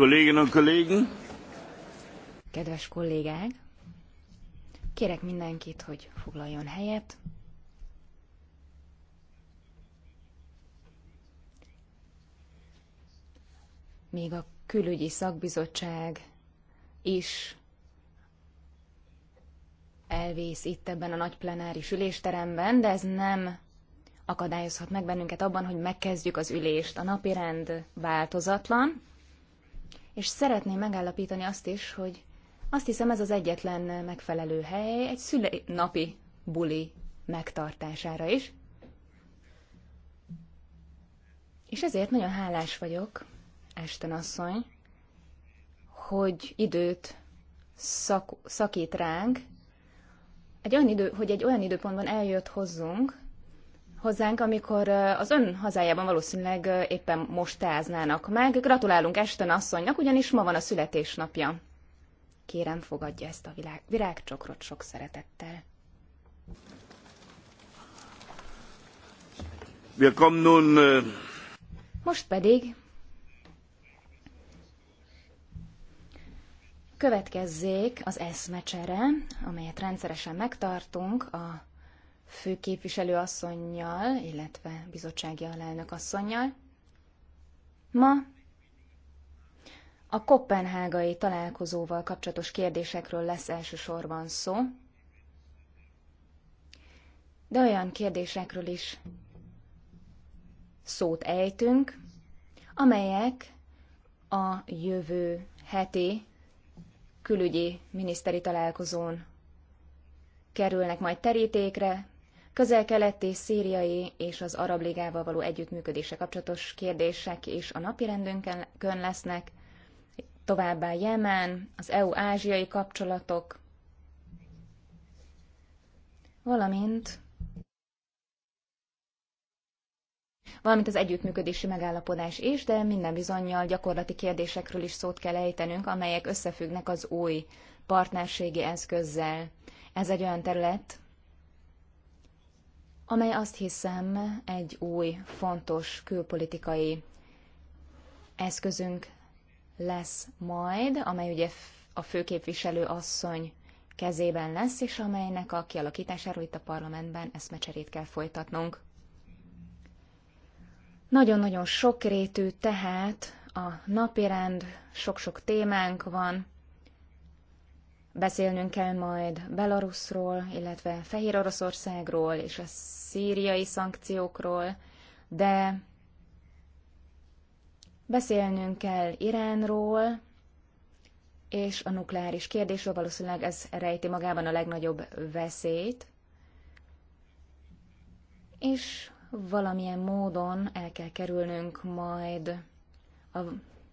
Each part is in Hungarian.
und Kollegen! Kedves kollégák! Kérek mindenkit, hogy foglaljon helyet. Még a külügyi szakbizottság is elvész itt ebben a nagy plenáris ülésteremben, de ez nem akadályozhat meg bennünket abban, hogy megkezdjük az ülést. A napirend változatlan, és szeretném megállapítani azt is, hogy azt hiszem ez az egyetlen megfelelő hely egy napi buli megtartására is. És ezért nagyon hálás vagyok, Esten asszony, hogy időt szak, szakít ránk, egy olyan idő, hogy egy olyan időpontban eljött hozzunk, hozzánk, amikor az ön hazájában valószínűleg éppen most teáznának meg. Gratulálunk Esten asszonynak, ugyanis ma van a születésnapja. Kérem, fogadja ezt a világ, virágcsokrot sok szeretettel. Most pedig következzék az eszmecsere, amelyet rendszeresen megtartunk a főképviselő asszonynal, illetve bizottsági alelnök asszonynal. Ma a kopenhágai találkozóval kapcsolatos kérdésekről lesz elsősorban szó, de olyan kérdésekről is szót ejtünk, amelyek a jövő heti külügyi miniszteri találkozón kerülnek majd terítékre, közel-keleti, szíriai és az Arab Ligával való együttműködése kapcsolatos kérdések is a napirendünkön lesznek, továbbá Jemen, az EU-ázsiai kapcsolatok, valamint valamint az együttműködési megállapodás is, de minden bizonyal gyakorlati kérdésekről is szót kell ejtenünk, amelyek összefüggnek az új partnerségi eszközzel. Ez egy olyan terület, amely azt hiszem egy új, fontos külpolitikai eszközünk lesz majd, amely ugye a főképviselő asszony kezében lesz, és amelynek a kialakításáról itt a parlamentben eszmecserét kell folytatnunk. Nagyon-nagyon sokrétű tehát a napirend, sok-sok témánk van, Beszélnünk kell majd Belarusról, illetve Fehér Oroszországról és a szíriai szankciókról, de beszélnünk kell Iránról, és a nukleáris kérdésről valószínűleg ez rejti magában a legnagyobb veszélyt, és valamilyen módon el kell kerülnünk majd a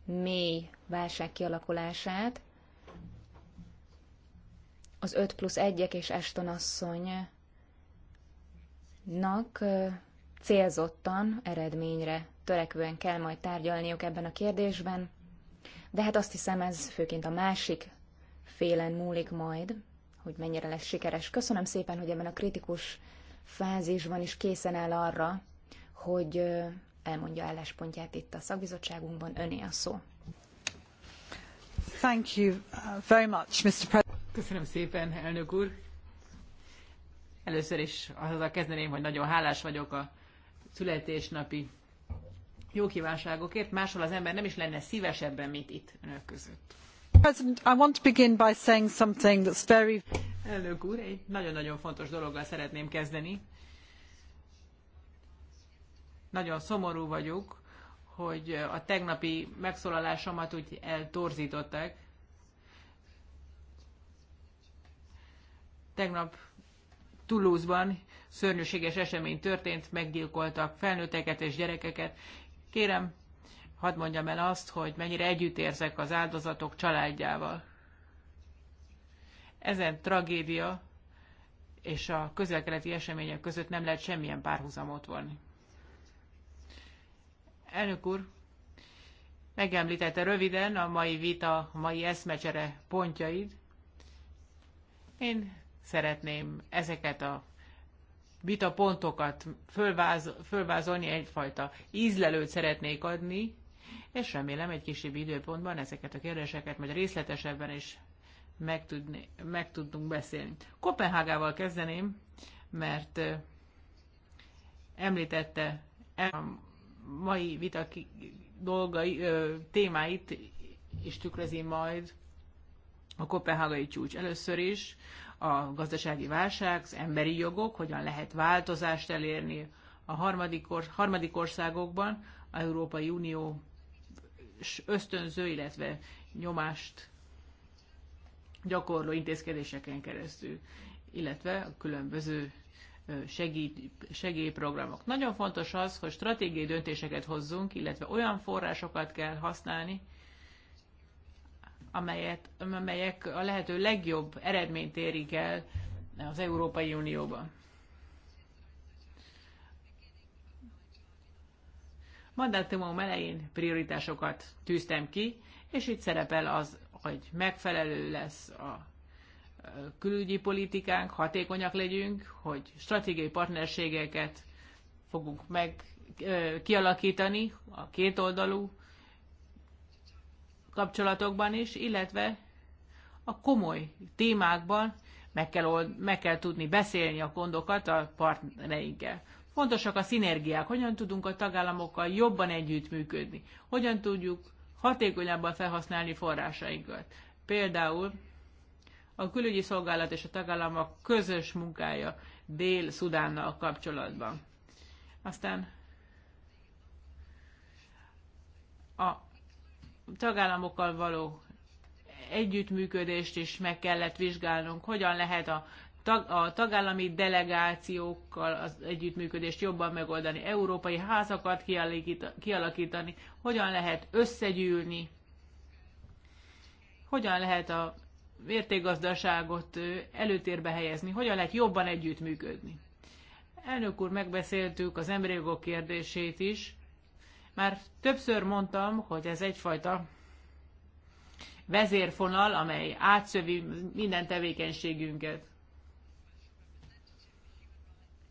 mély válság kialakulását, az 5 plusz 1-ek és Eston asszonynak célzottan eredményre törekvően kell majd tárgyalniuk ebben a kérdésben, de hát azt hiszem ez főként a másik félen múlik majd, hogy mennyire lesz sikeres. Köszönöm szépen, hogy ebben a kritikus fázisban is készen áll arra, hogy elmondja álláspontját itt a szakbizottságunkban. Öné a szó. Thank you uh, very much, Mr. President. Köszönöm szépen, elnök úr. Először is azzal kezdeném, hogy nagyon hálás vagyok a születésnapi jó kívánságokért, máshol az ember nem is lenne szívesebben, mint itt önök között. President, I want to begin by saying something that's very... Elnök úr, egy nagyon-nagyon fontos dologgal szeretném kezdeni. Nagyon szomorú vagyok, hogy a tegnapi megszólalásomat úgy eltorzították, Tegnap Toulouse-ban szörnyűséges esemény történt, meggyilkoltak felnőtteket és gyerekeket. Kérem, hadd mondjam el azt, hogy mennyire együtt érzek az áldozatok családjával. Ezen tragédia és a közelkeleti események között nem lehet semmilyen párhuzamot vonni. Elnök úr, megemlítette röviden a mai vita, a mai eszmecsere pontjaid. Én szeretném ezeket a vita pontokat fölváz, fölvázolni, egyfajta ízlelőt szeretnék adni, és remélem egy kisebb időpontban ezeket a kérdéseket majd részletesebben is meg, tudni, meg tudunk beszélni. Kopenhágával kezdeném, mert említette e a mai vita dolgai, témáit, és tükrözi majd a kopenhágai csúcs először is a gazdasági válság, az emberi jogok, hogyan lehet változást elérni a harmadik, or, harmadik országokban, a Európai Unió ösztönző, illetve nyomást gyakorló intézkedéseken keresztül, illetve a különböző segít, segélyprogramok. Nagyon fontos az, hogy stratégiai döntéseket hozzunk, illetve olyan forrásokat kell használni, amelyet, amelyek a lehető legjobb eredményt érik el az Európai Unióban. Mandátumom elején prioritásokat tűztem ki, és itt szerepel az, hogy megfelelő lesz a külügyi politikánk, hatékonyak legyünk, hogy stratégiai partnerségeket fogunk meg kialakítani a kétoldalú kapcsolatokban is, illetve a komoly témákban meg kell, old, meg kell tudni beszélni a gondokat a partnereinkkel. Fontosak a szinergiák, hogyan tudunk a tagállamokkal jobban együttműködni, hogyan tudjuk hatékonyabban felhasználni forrásainkat. Például a külügyi szolgálat és a tagállamok közös munkája Dél-Szudánnal kapcsolatban. Aztán a tagállamokkal való együttműködést is meg kellett vizsgálnunk, hogyan lehet a, tag, a tagállami delegációkkal az együttműködést jobban megoldani, európai házakat kialakítani, hogyan lehet összegyűlni, hogyan lehet a értékgazdaságot előtérbe helyezni, hogyan lehet jobban együttműködni. Elnök úr, megbeszéltük az emberi jogok kérdését is, már többször mondtam, hogy ez egyfajta vezérfonal, amely átszövi minden tevékenységünket.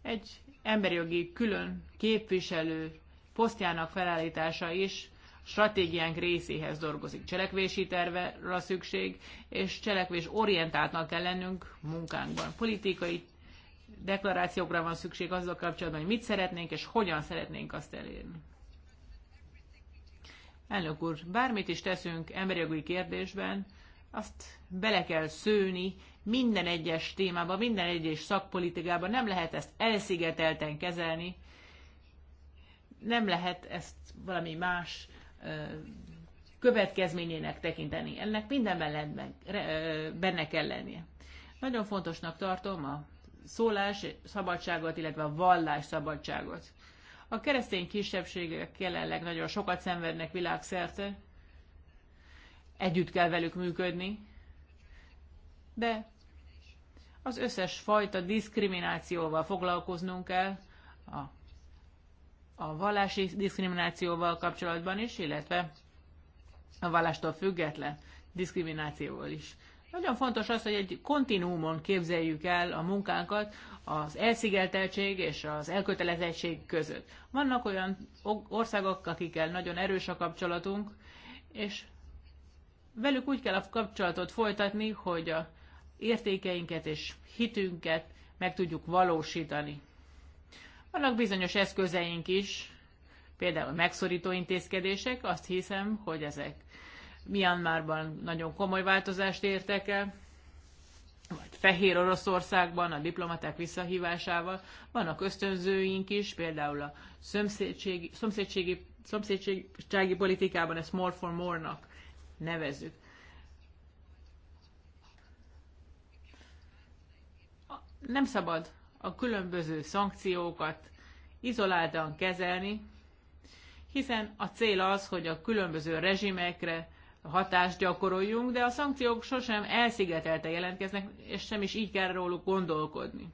Egy emberi jogi külön képviselő posztjának felállítása is stratégiánk részéhez dolgozik. Cselekvési tervre szükség, és cselekvés orientáltnak kell lennünk munkánkban. Politikai deklarációkra van szükség azzal kapcsolatban, hogy mit szeretnénk és hogyan szeretnénk azt elérni. Elnök úr, bármit is teszünk emberi jogi kérdésben, azt bele kell szőni minden egyes témába, minden egyes szakpolitikába. Nem lehet ezt elszigetelten kezelni, nem lehet ezt valami más következményének tekinteni. Ennek mindenben benne kell lennie. Nagyon fontosnak tartom a szólás szabadságot, illetve a vallás szabadságot. A keresztény kisebbségek jelenleg nagyon sokat szenvednek világszerte, együtt kell velük működni, de az összes fajta diszkriminációval foglalkoznunk kell, a, a vallási diszkriminációval kapcsolatban is, illetve a vallástól független diszkriminációval is. Nagyon fontos az, hogy egy kontinúmon képzeljük el a munkánkat az elszigeteltség és az elkötelezettség között. Vannak olyan országok, akikkel nagyon erős a kapcsolatunk, és velük úgy kell a kapcsolatot folytatni, hogy a értékeinket és hitünket meg tudjuk valósítani. Vannak bizonyos eszközeink is, például megszorító intézkedések, azt hiszem, hogy ezek Myanmarban nagyon komoly változást értek el, vagy Fehér Oroszországban a diplomaták visszahívásával. Vannak ösztönzőink is, például a szomszédségi, szomszédségi, szomszédségi politikában ezt more for more-nak nevezzük. Nem szabad a különböző szankciókat izoláltan kezelni, hiszen a cél az, hogy a különböző rezsimekre hatást gyakoroljunk, de a szankciók sosem elszigetelte jelentkeznek, és sem is így kell róluk gondolkodni.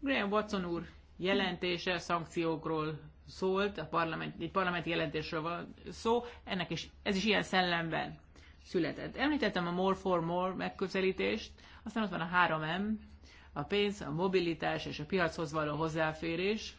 Graham Watson úr jelentése szankciókról szólt, a parlament, egy parlamenti jelentésről van szó, ennek is, ez is ilyen szellemben született. Említettem a More for More megközelítést, aztán ott van a 3M, a pénz, a mobilitás és a piachoz való hozzáférés.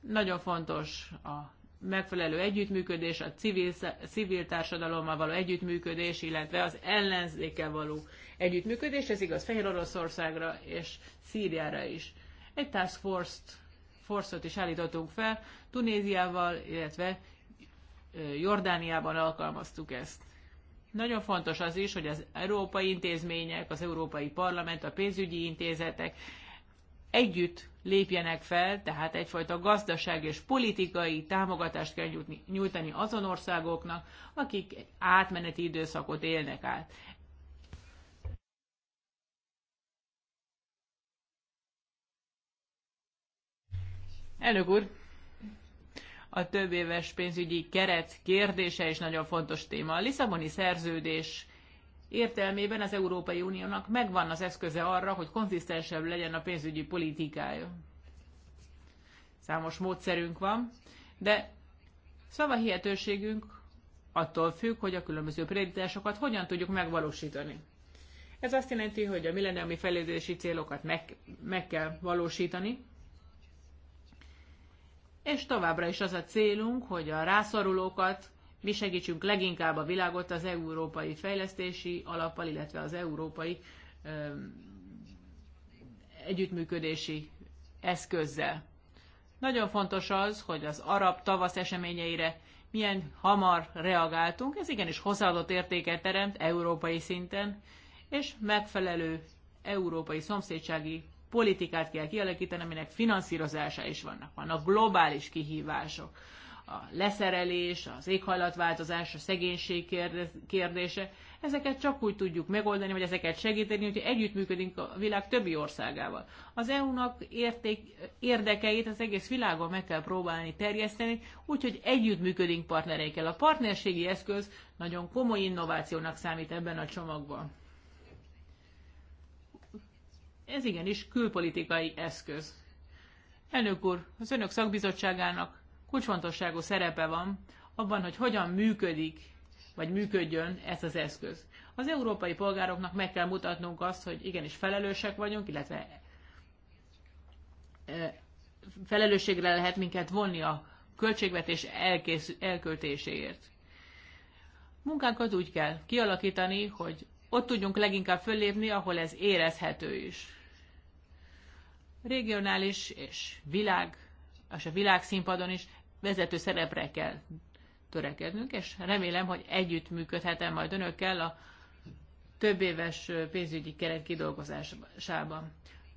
Nagyon fontos a megfelelő együttműködés, a civil, civil társadalommal való együttműködés, illetve az ellenzékkel való együttműködés, ez igaz Fehér Oroszországra és Szíriára is. Egy task force-t, force is állítottunk fel, Tunéziával, illetve Jordániában alkalmaztuk ezt. Nagyon fontos az is, hogy az európai intézmények, az Európai Parlament, a pénzügyi intézetek együtt lépjenek fel, tehát egyfajta gazdaság és politikai támogatást kell nyújtani azon országoknak, akik átmeneti időszakot élnek át. Elnök úr, a több éves pénzügyi keret kérdése is nagyon fontos téma. A Lisszaboni szerződés értelmében az Európai Uniónak megvan az eszköze arra, hogy konzisztensebb legyen a pénzügyi politikája. Számos módszerünk van, de hihetőségünk attól függ, hogy a különböző prioritásokat hogyan tudjuk megvalósítani. Ez azt jelenti, hogy a milleniumi fejlődési célokat meg, meg kell valósítani, és továbbra is az a célunk, hogy a rászorulókat mi segítsünk leginkább a világot az európai fejlesztési alappal, illetve az európai együttműködési eszközzel. Nagyon fontos az, hogy az arab tavasz eseményeire milyen hamar reagáltunk, ez igenis hozzáadott értéket teremt európai szinten, és megfelelő európai szomszédsági politikát kell kialakítani, aminek finanszírozása is vannak. Vannak globális kihívások a leszerelés, az éghajlatváltozás, a szegénység kérdése, ezeket csak úgy tudjuk megoldani, vagy ezeket segíteni, hogy együttműködünk a világ többi országával. Az EU-nak érték, érdekeit az egész világon meg kell próbálni terjeszteni, úgyhogy együttműködünk partnereikkel. A partnerségi eszköz nagyon komoly innovációnak számít ebben a csomagban. Ez igenis külpolitikai eszköz. Elnök úr, az önök szakbizottságának kulcsfontosságú szerepe van abban, hogy hogyan működik, vagy működjön ez az eszköz. Az európai polgároknak meg kell mutatnunk azt, hogy igenis felelősek vagyunk, illetve felelősségre lehet minket vonni a költségvetés elkész, elköltéséért. Munkánkat úgy kell kialakítani, hogy ott tudjunk leginkább föllépni, ahol ez érezhető is. Regionális és világ, és a világszínpadon is vezető szerepre kell törekednünk, és remélem, hogy együtt működhetem majd önökkel a több éves pénzügyi keret kidolgozásában.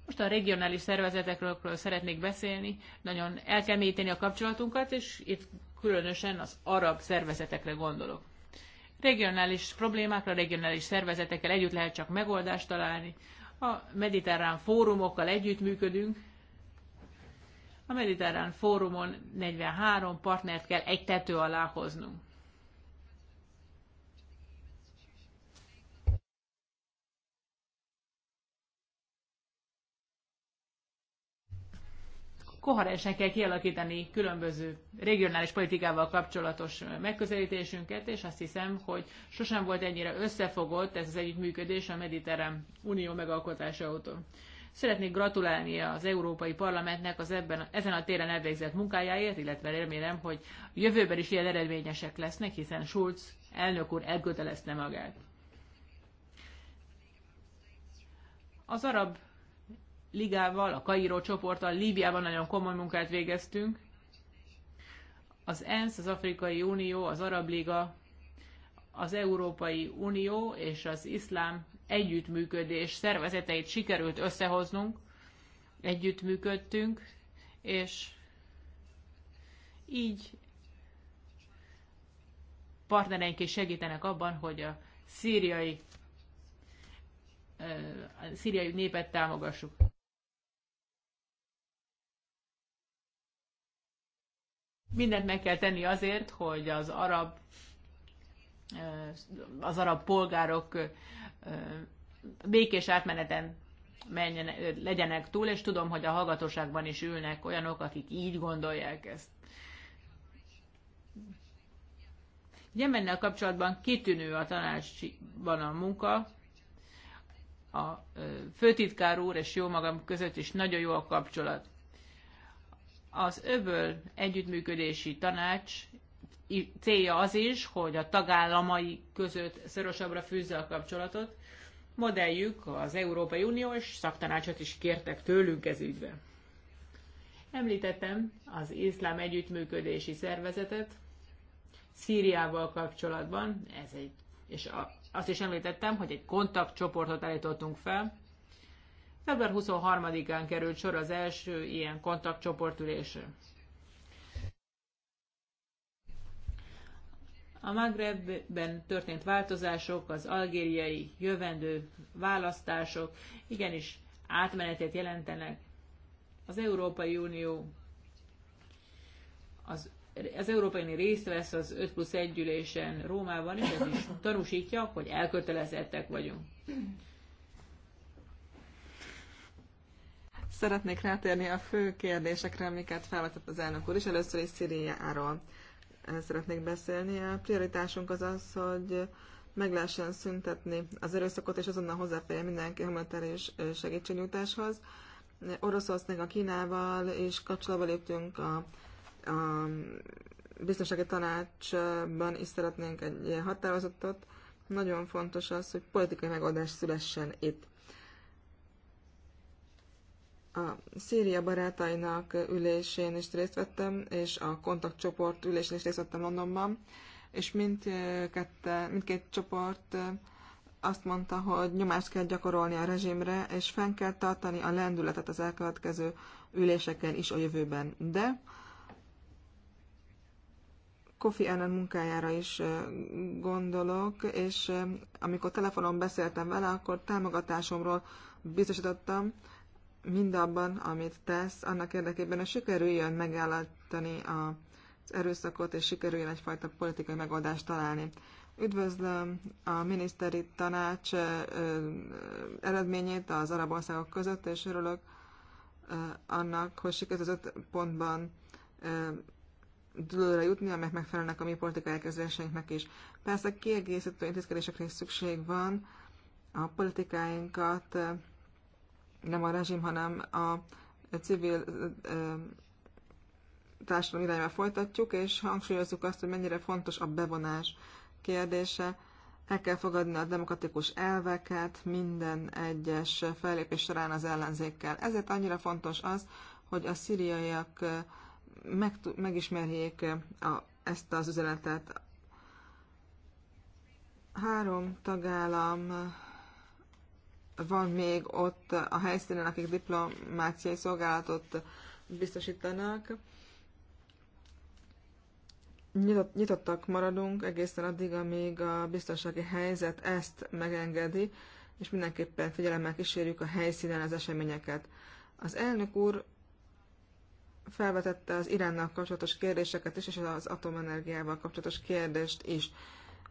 Most a regionális szervezetekről szeretnék beszélni. Nagyon el kell mélyíteni a kapcsolatunkat, és itt különösen az arab szervezetekre gondolok. Regionális problémákra, regionális szervezetekkel együtt lehet csak megoldást találni. A mediterrán fórumokkal együttműködünk, a Mediterrán Fórumon 43 partnert kell egy tető alá hoznunk. koherensen kell kialakítani különböző regionális politikával kapcsolatos megközelítésünket, és azt hiszem, hogy sosem volt ennyire összefogott ez az együttműködés a Mediterrán Unió megalkotása óta. Szeretnék gratulálni az Európai Parlamentnek az ebben, ezen a téren elvégzett munkájáért, illetve remélem, hogy jövőben is ilyen eredményesek lesznek, hiszen Schulz elnök úr elkötelezte magát. Az arab ligával, a Kairó csoporttal, Líbiában nagyon komoly munkát végeztünk. Az ENSZ, az Afrikai Unió, az Arab Liga, az Európai Unió és az Iszlám együttműködés szervezeteit sikerült összehoznunk, együttműködtünk, és így partnereink is segítenek abban, hogy a szíriai, a szíriai népet támogassuk. Mindent meg kell tenni azért, hogy az arab az arab polgárok békés átmeneten menjen, legyenek túl, és tudom, hogy a hallgatóságban is ülnek olyanok, akik így gondolják ezt. Jemennel kapcsolatban kitűnő a tanácsban a munka, a főtitkár úr és jó magam között is nagyon jó a kapcsolat. Az öböl együttműködési tanács célja az is, hogy a tagállamai között szorosabbra fűzze a kapcsolatot. Modelljük az Európai Unió, és szaktanácsot is kértek tőlünk ez ügybe. Említettem az iszlám együttműködési szervezetet Szíriával kapcsolatban, ez egy, és a, azt is említettem, hogy egy kontaktcsoportot állítottunk fel. Február 23-án került sor az első ilyen kontaktcsoportülésre. A Magrebben történt változások, az algériai jövendő választások igenis átmenetet jelentenek. Az Európai Unió az, az Európai Unió részt vesz az 5 plusz 1 ülésen Rómában, és ez is tanúsítja, hogy elkötelezettek vagyunk. Szeretnék rátérni a fő kérdésekre, amiket felvetett az elnök úr, és először is Szíriáról szeretnék beszélni. A prioritásunk az az, hogy meg lehessen szüntetni az erőszakot, és azonnal hozzáférjen mindenki humanitárius segítségnyújtáshoz. Oroszország Kínával és kapcsolatba léptünk a, a biztonsági tanácsban is szeretnénk egy határozatot. Nagyon fontos az, hogy politikai megoldás szülessen itt a Szíria barátainak ülésén is részt vettem, és a kontaktcsoport ülésén is részt vettem Londonban, és mindkette, mindkét csoport azt mondta, hogy nyomást kell gyakorolni a rezsimre, és fenn kell tartani a lendületet az elkövetkező üléseken is a jövőben. De Kofi Annan munkájára is gondolok, és amikor telefonon beszéltem vele, akkor támogatásomról biztosítottam, mindabban, amit tesz, annak érdekében, hogy sikerüljön megállítani az erőszakot, és sikerüljön egyfajta politikai megoldást találni. Üdvözlöm a miniszteri tanács eredményét az arab országok között, és örülök annak, hogy sikerült az öt pontban dőlőre jutni, amelyek megfelelnek a mi politikai elkezdéseinknek is. Persze kiegészítő intézkedésekre is szükség van, a politikáinkat nem a rezsim, hanem a civil társadalom irányba folytatjuk, és hangsúlyozzuk azt, hogy mennyire fontos a bevonás kérdése. El kell fogadni a demokratikus elveket minden egyes fellépés során az ellenzékkel. Ezért annyira fontos az, hogy a szíriaiak meg, megismerjék a, ezt az üzenetet. Három tagállam van még ott a helyszínen, akik diplomáciai szolgálatot biztosítanak. Nyitott, nyitottak maradunk egészen addig, amíg a biztonsági helyzet ezt megengedi, és mindenképpen figyelemmel kísérjük a helyszínen az eseményeket. Az elnök úr felvetette az Iránnal kapcsolatos kérdéseket is, és az atomenergiával kapcsolatos kérdést is.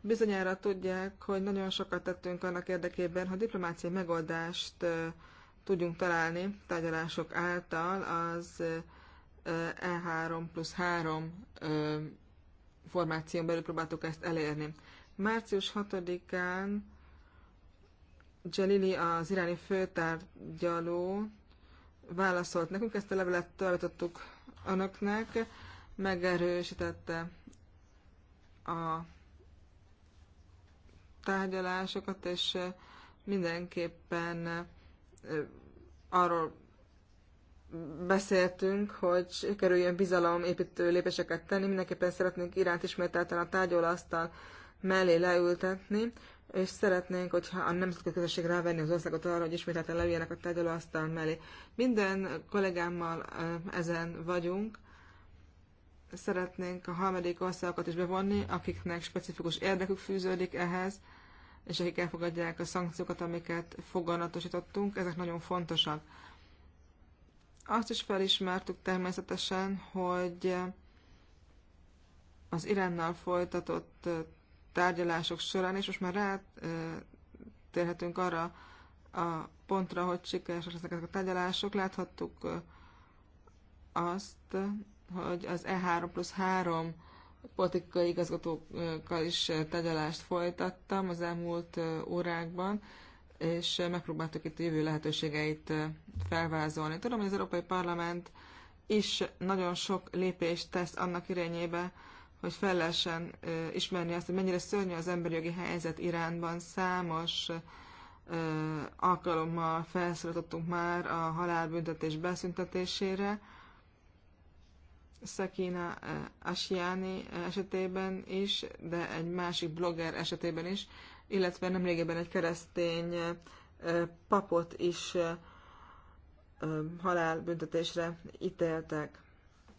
Bizonyára tudják, hogy nagyon sokat tettünk annak érdekében, hogy diplomáciai megoldást tudjunk találni tárgyalások által az E3 plusz 3 formáción belül próbáltuk ezt elérni. Március 6-án Jalili, az iráni főtárgyaló válaszolt nekünk, ezt a levelet tartottuk önöknek, megerősítette a tárgyalásokat, és mindenképpen arról beszéltünk, hogy bizalom bizalomépítő lépéseket tenni, mindenképpen szeretnénk iránt ismételten a tárgyalasztal mellé leültetni, és szeretnénk, hogyha a nemzetközi közösség rávenni az országot arra, hogy ismételten leüljenek a tárgyalóasztal mellé. Minden kollégámmal ezen vagyunk. Szeretnénk a harmadik országokat is bevonni, akiknek specifikus érdekük fűződik ehhez, és akik elfogadják a szankciókat, amiket foganatosítottunk, ezek nagyon fontosak. Azt is felismertük természetesen, hogy az Iránnal folytatott tárgyalások során, és most már rátérhetünk arra a pontra, hogy sikeresek lesznek ezek a tárgyalások, láthattuk azt, hogy az E3 plusz 3 politikai igazgatókkal is tegyelást folytattam az elmúlt órákban, és megpróbáltuk itt a jövő lehetőségeit felvázolni. Tudom, hogy az Európai Parlament is nagyon sok lépést tesz annak irányébe, hogy fel lehessen ismerni azt, hogy mennyire szörnyű az emberi jogi helyzet Iránban. Számos alkalommal felszólítottunk már a halálbüntetés beszüntetésére, Szekina eh, Asiani eh, esetében is, de egy másik blogger esetében is, illetve régebben egy keresztény eh, papot is halálbüntetésre ítéltek.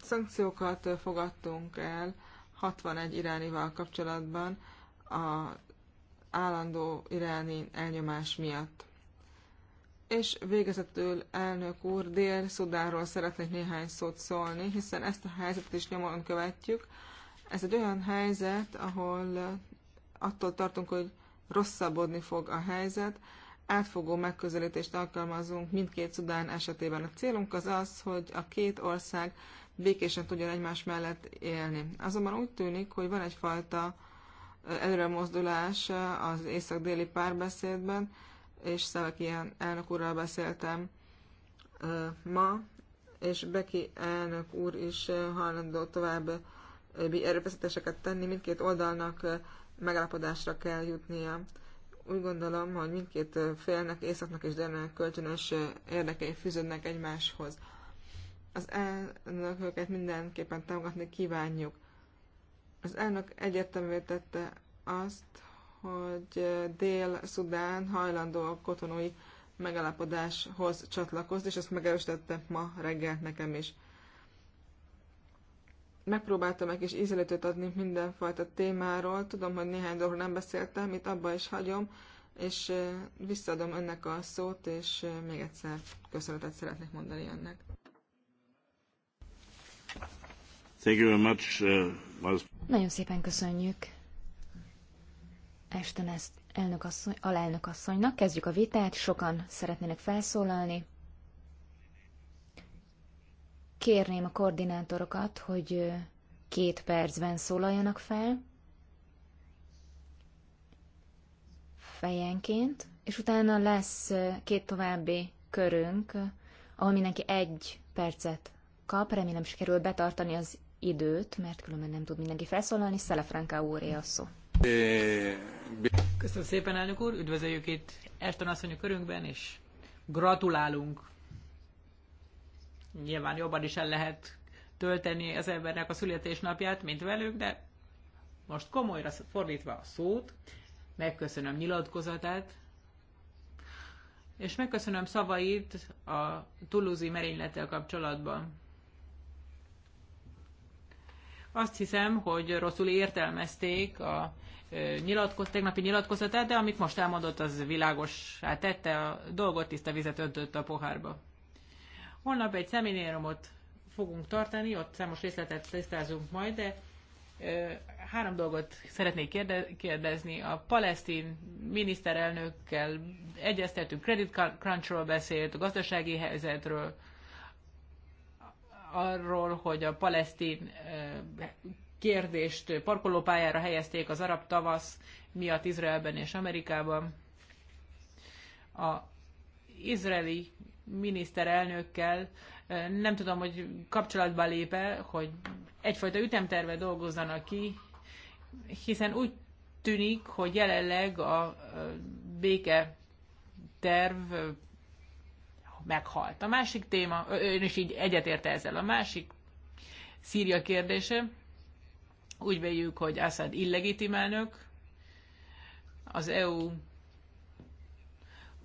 Szankciókat fogadtunk el 61 irányival kapcsolatban a állandó iráni elnyomás miatt. És végezetül, elnök úr, Dél-Szudánról szeretnék néhány szót szólni, hiszen ezt a helyzetet is nyomon követjük. Ez egy olyan helyzet, ahol eh, attól tartunk, hogy rosszabbodni fog a helyzet. Átfogó megközelítést alkalmazunk mindkét Szudán esetében. A célunk az az, hogy a két ország békésen tudjon egymás mellett élni. Azonban úgy tűnik, hogy van egyfajta eh, előremozdulás eh, az észak-déli párbeszédben, és ilyen elnök úrral beszéltem ma, és Beki elnök úr is hajlandó tovább erőfeszítéseket tenni, mindkét oldalnak megállapodásra kell jutnia. Úgy gondolom, hogy mindkét félnek, északnak és délnek kölcsönös érdekei fűződnek egymáshoz. Az elnököket mindenképpen támogatni kívánjuk. Az elnök egyértelművé tette azt, hogy Dél-Szudán hajlandó a kotonói megállapodáshoz csatlakozni, és ezt megerősítette ma reggel nekem is. Megpróbáltam egy kis ízelítőt adni mindenfajta témáról, tudom, hogy néhány dolgokról nem beszéltem, itt abba is hagyom, és visszaadom önnek a szót, és még egyszer köszönetet szeretnék mondani önnek. Thank you very much. Uh, Nagyon szépen köszönjük Esten ezt alelnök asszonynak. Kezdjük a vitát, sokan szeretnének felszólalni. Kérném a koordinátorokat, hogy két percben szólaljanak fel, fejenként, és utána lesz két további körünk, ahol mindenki egy percet kap, remélem sikerül betartani az időt, mert különben nem tud mindenki felszólalni. Szelefranka úré a szó. Köszönöm szépen, elnök úr, üdvözöljük itt Eston asszonyok körünkben, és gratulálunk. Nyilván jobban is el lehet tölteni az embernek a születésnapját, mint velünk, de most komolyra fordítva a szót, megköszönöm nyilatkozatát, és megköszönöm szavait a Toulouse-i merénylettel kapcsolatban. Azt hiszem, hogy rosszul értelmezték a nyilatkoz, tegnapi nyilatkozatát, de amit most elmondott, az világos tette a dolgot, tiszta vizet öntött a pohárba. Holnap egy szemináriumot fogunk tartani, ott számos részletet tisztázunk majd, de három dolgot szeretnék kérdezni. A palesztin miniszterelnökkel egyeztetünk, Credit Crunchról beszélt, a gazdasági helyzetről, arról, hogy a palesztin kérdést parkolópályára helyezték az arab tavasz miatt Izraelben és Amerikában. A izraeli miniszterelnökkel eh, nem tudom, hogy kapcsolatba lépe, hogy egyfajta ütemterve dolgozzanak ki, hiszen úgy tűnik, hogy jelenleg a eh, béke terv eh, meghalt. A másik téma, ön is így egyetérte ezzel, a másik Szíria kérdése, úgy véljük, hogy Assad illegitim elnök, az EU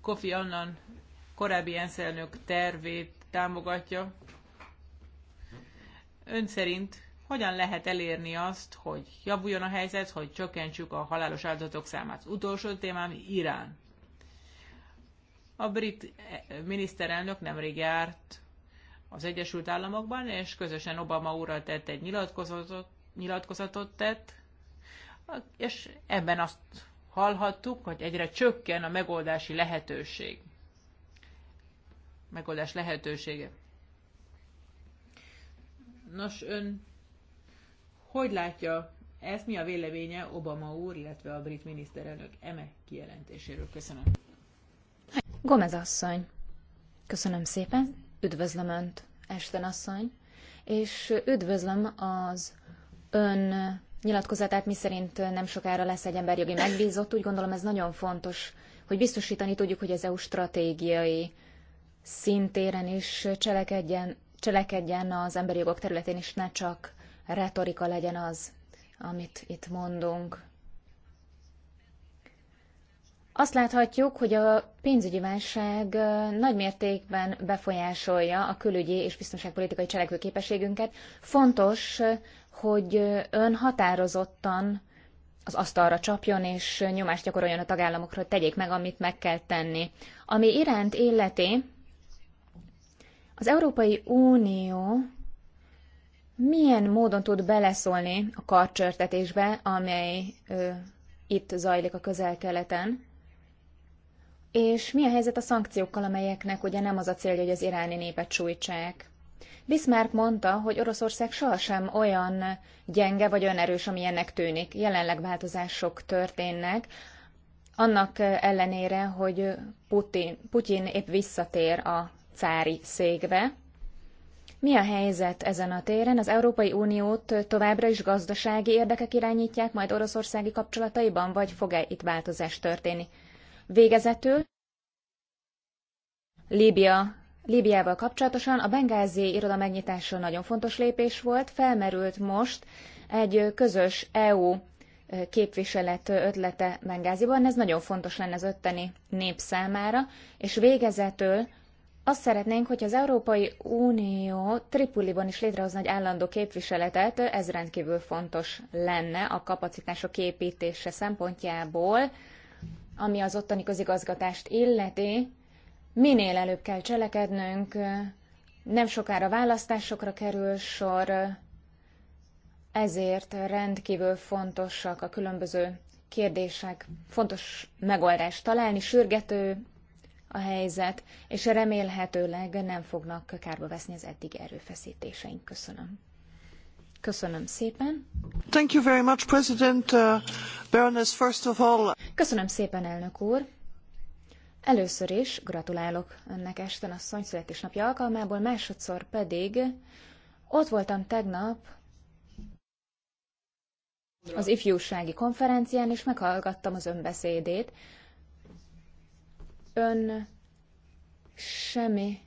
Kofi Annan korábbi ENSZ elnök tervét támogatja. Ön szerint hogyan lehet elérni azt, hogy javuljon a helyzet, hogy csökkentsük a halálos áldozatok számát? Utolsó témám Irán. A brit miniszterelnök nemrég járt az Egyesült Államokban, és közösen Obama úrral tett egy nyilatkozatot, nyilatkozatot tett, és ebben azt hallhattuk, hogy egyre csökken a megoldási lehetőség. Megoldás lehetősége. Nos, ön hogy látja ezt, mi a véleménye Obama úr, illetve a brit miniszterelnök eme kijelentéséről? Köszönöm. Gomez asszony, köszönöm szépen, üdvözlöm Önt, Esten asszony, és üdvözlöm az ön nyilatkozatát, mi szerint nem sokára lesz egy emberjogi megbízott. Úgy gondolom ez nagyon fontos, hogy biztosítani tudjuk, hogy az EU stratégiai szintéren is cselekedjen, cselekedjen az emberi jogok területén, és ne csak retorika legyen az, amit itt mondunk. Azt láthatjuk, hogy a pénzügyi válság nagy mértékben befolyásolja a külügyi és biztonságpolitikai cselekvőképességünket. Fontos hogy ön határozottan az asztalra csapjon, és nyomást gyakoroljon a tagállamokra, hogy tegyék meg, amit meg kell tenni. Ami iránt illeti, az Európai Unió milyen módon tud beleszólni a karcsörtetésbe, amely ö, itt zajlik a közel-keleten, és mi a helyzet a szankciókkal, amelyeknek ugye nem az a célja, hogy az iráni népet sújtsák? Bismarck mondta, hogy Oroszország sohasem olyan gyenge vagy olyan erős, ami ennek tűnik. Jelenleg változások történnek, annak ellenére, hogy Putin, Putin épp visszatér a cári székbe. Mi a helyzet ezen a téren? Az Európai Uniót továbbra is gazdasági érdekek irányítják, majd oroszországi kapcsolataiban, vagy fog-e itt változás történni? Végezetül Líbia Líbiával kapcsolatosan a Bengázi iroda megnyitása nagyon fontos lépés volt. Felmerült most egy közös EU eh, képviselet ötlete Bengáziban. Ez nagyon fontos lenne az ötteni nép számára. És végezetül azt szeretnénk, hogy az Európai Unió Tripoliban is létrehozna egy állandó képviseletet, ez rendkívül fontos lenne a kapacitások építése szempontjából, ami az ottani közigazgatást illeti, Minél előbb kell cselekednünk, nem sokára választásokra kerül sor, ezért rendkívül fontosak a különböző kérdések, fontos megoldást találni, sürgető a helyzet, és remélhetőleg nem fognak kárba veszni az eddig erőfeszítéseink. Köszönöm. Köszönöm szépen. Thank you very much, President uh, Baroness, first of all. Köszönöm szépen, elnök úr. Először is gratulálok önnek Esten asszony születésnapja alkalmából, másodszor pedig ott voltam tegnap az ifjúsági konferencián, és meghallgattam az önbeszédét. Ön semmi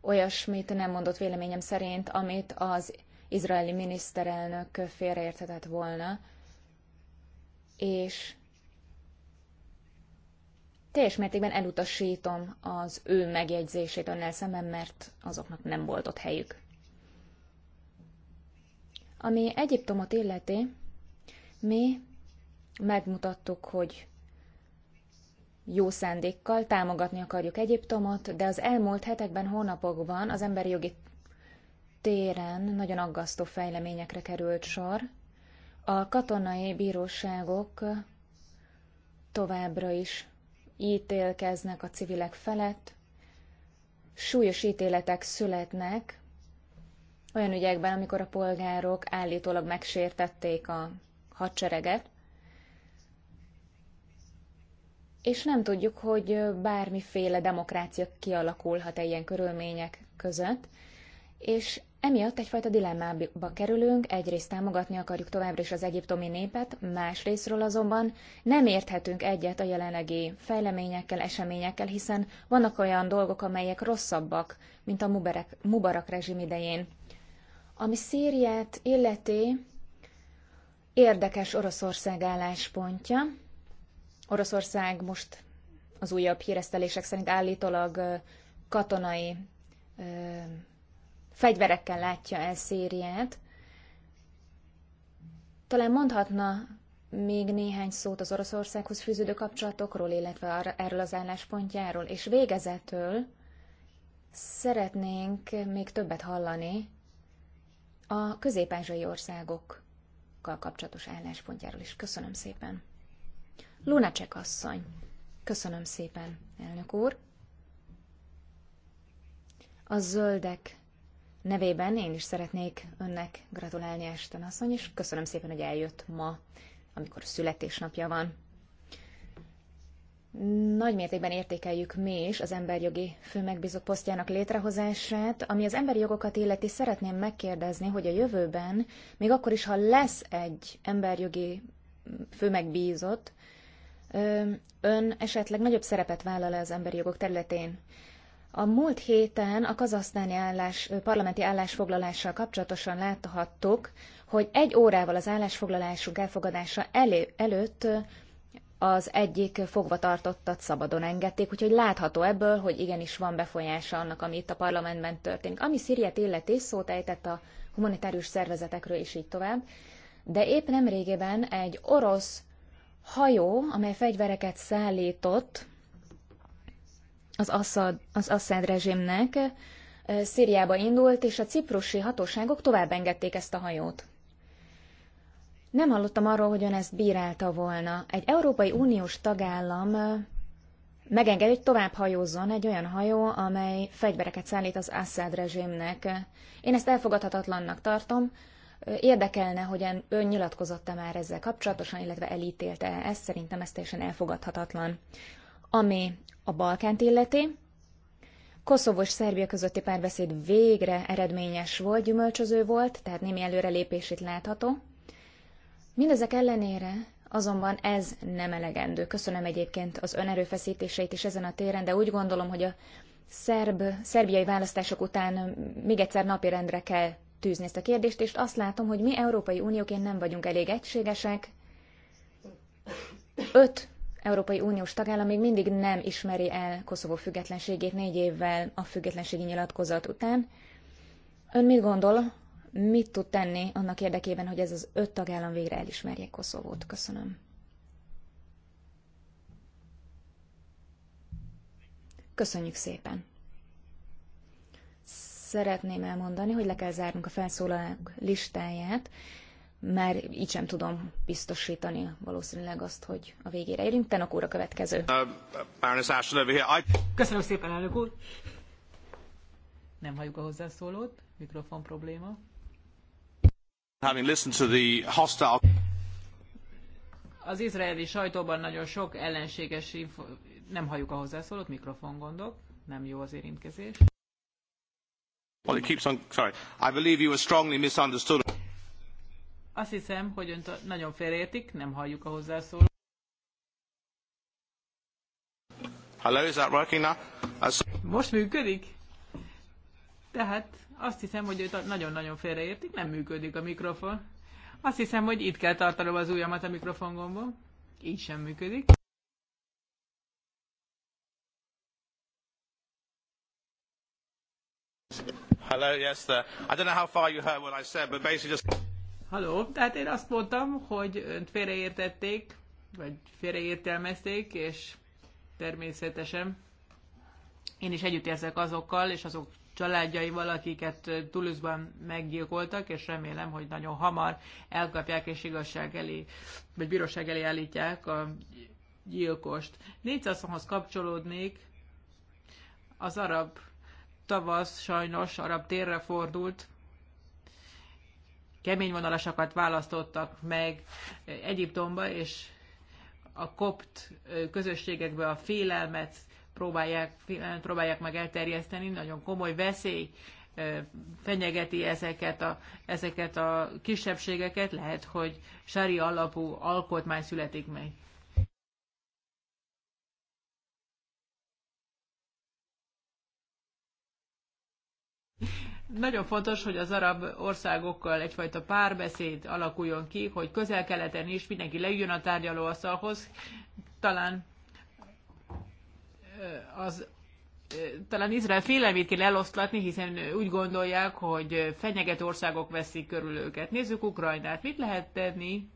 olyasmit nem mondott véleményem szerint, amit az izraeli miniszterelnök félreérthetett volna, és teljes mértékben elutasítom az ő megjegyzését önnel szemben, mert azoknak nem volt ott helyük. Ami Egyiptomot illeti, mi megmutattuk, hogy jó szándékkal támogatni akarjuk Egyiptomot, de az elmúlt hetekben, hónapokban az emberi jogi téren nagyon aggasztó fejleményekre került sor. A katonai bíróságok továbbra is ítélkeznek a civilek felett, súlyos ítéletek születnek olyan ügyekben, amikor a polgárok állítólag megsértették a hadsereget, és nem tudjuk, hogy bármiféle demokrácia kialakulhat-e ilyen körülmények között, és Emiatt egyfajta dilemmába kerülünk, egyrészt támogatni akarjuk továbbra is az egyiptomi népet, másrésztről azonban nem érthetünk egyet a jelenlegi fejleményekkel, eseményekkel, hiszen vannak olyan dolgok, amelyek rosszabbak, mint a Mubarak, Mubarak rezsim idején. Ami Szíriát illeti, érdekes Oroszország álláspontja. Oroszország most az újabb híresztelések szerint állítólag katonai fegyverekkel látja el szériát. Talán mondhatna még néhány szót az Oroszországhoz fűződő kapcsolatokról, illetve erről az álláspontjáról, és végezetől szeretnénk még többet hallani a közép országokkal kapcsolatos álláspontjáról is. Köszönöm szépen. Lunacek asszony. Köszönöm szépen, elnök úr. A zöldek nevében én is szeretnék önnek gratulálni, Esten asszony, és köszönöm szépen, hogy eljött ma, amikor születésnapja van. Nagy mértékben értékeljük mi is az emberjogi főmegbízó posztjának létrehozását. Ami az emberi jogokat illeti, szeretném megkérdezni, hogy a jövőben, még akkor is, ha lesz egy emberjogi főmegbízott, ön esetleg nagyobb szerepet vállal az emberi jogok területén. A múlt héten a kazasztáni állás, parlamenti állásfoglalással kapcsolatosan láthattuk, hogy egy órával az állásfoglalásuk elfogadása elő, előtt az egyik fogvatartottat szabadon engedték, úgyhogy látható ebből, hogy igenis van befolyása annak, ami itt a parlamentben történik. Ami Szíriát illeti, szót ejtett a humanitárius szervezetekről, és így tovább, de épp nemrégében egy orosz hajó, amely fegyvereket szállított, az Assad, az Assad rezsimnek Szíriába indult, és a ciprusi hatóságok tovább engedték ezt a hajót. Nem hallottam arról, hogy ön ezt bírálta volna. Egy Európai Uniós tagállam megengedi, hogy tovább hajózzon egy olyan hajó, amely fegyvereket szállít az Assad rezsimnek. Én ezt elfogadhatatlannak tartom. Érdekelne, hogy ön nyilatkozott-e már ezzel kapcsolatosan, illetve elítélte -e. Ez szerintem ez teljesen elfogadhatatlan. Ami a Balkánt illeti. Koszovó Szerbia közötti párbeszéd végre eredményes volt, gyümölcsöző volt, tehát némi előrelépés itt látható. Mindezek ellenére azonban ez nem elegendő. Köszönöm egyébként az önerőfeszítéseit is ezen a téren, de úgy gondolom, hogy a szerb, szerbiai választások után még egyszer napirendre kell tűzni ezt a kérdést, és azt látom, hogy mi Európai Unióként nem vagyunk elég egységesek. Öt Európai Uniós tagállam még mindig nem ismeri el Koszovó függetlenségét négy évvel a függetlenségi nyilatkozat után. Ön mit gondol, mit tud tenni annak érdekében, hogy ez az öt tagállam végre elismerje Koszovót? Köszönöm. Köszönjük szépen! Szeretném elmondani, hogy le kell zárnunk a felszólalók listáját már így sem tudom biztosítani valószínűleg azt, hogy a végére érünk. Tenok úr a következő. Uh, Köszönöm szépen, elnök úr! Nem halljuk a hozzászólót, mikrofon probléma. Having listened to the hostile... Az izraeli sajtóban nagyon sok ellenséges info... Nem halljuk a hozzászólót, mikrofon gondok. Nem jó az érintkezés. Well, it keeps on... Sorry. I believe you were strongly misunderstood. Azt hiszem, hogy önt nagyon félértik, nem halljuk a hozzászóló. Hello, is that working now? As... Most működik? Tehát azt hiszem, hogy őt nagyon-nagyon félreértik, nem működik a mikrofon. Azt hiszem, hogy itt kell tartanom az ujjamat a mikrofongombon. Így sem működik. Hello, yes, sir. I don't know how far you heard what I said, but basically just... Halló, tehát én azt mondtam, hogy önt félreértették, vagy félreértelmezték, és természetesen én is együtt érzek azokkal, és azok családjaival, akiket Toulouse-ban meggyilkoltak, és remélem, hogy nagyon hamar elkapják és igazság elé, vagy bíróság elé állítják a gyilkost. Négyszaszonhoz kapcsolódnék, az arab tavasz sajnos arab térre fordult, kemény vonalasakat választottak meg Egyiptomba, és a kopt közösségekbe a félelmet próbálják, félelmet próbálják meg elterjeszteni, nagyon komoly veszély fenyegeti ezeket a, ezeket a kisebbségeket, lehet, hogy sári alapú alkotmány születik meg. Nagyon fontos, hogy az arab országokkal egyfajta párbeszéd alakuljon ki, hogy közel-keleten is mindenki leüljön a tárgyalóasztalhoz. Talán az talán Izrael félelmét kell eloszlatni, hiszen úgy gondolják, hogy fenyeget országok veszik körül őket. Nézzük Ukrajnát. Mit lehet tenni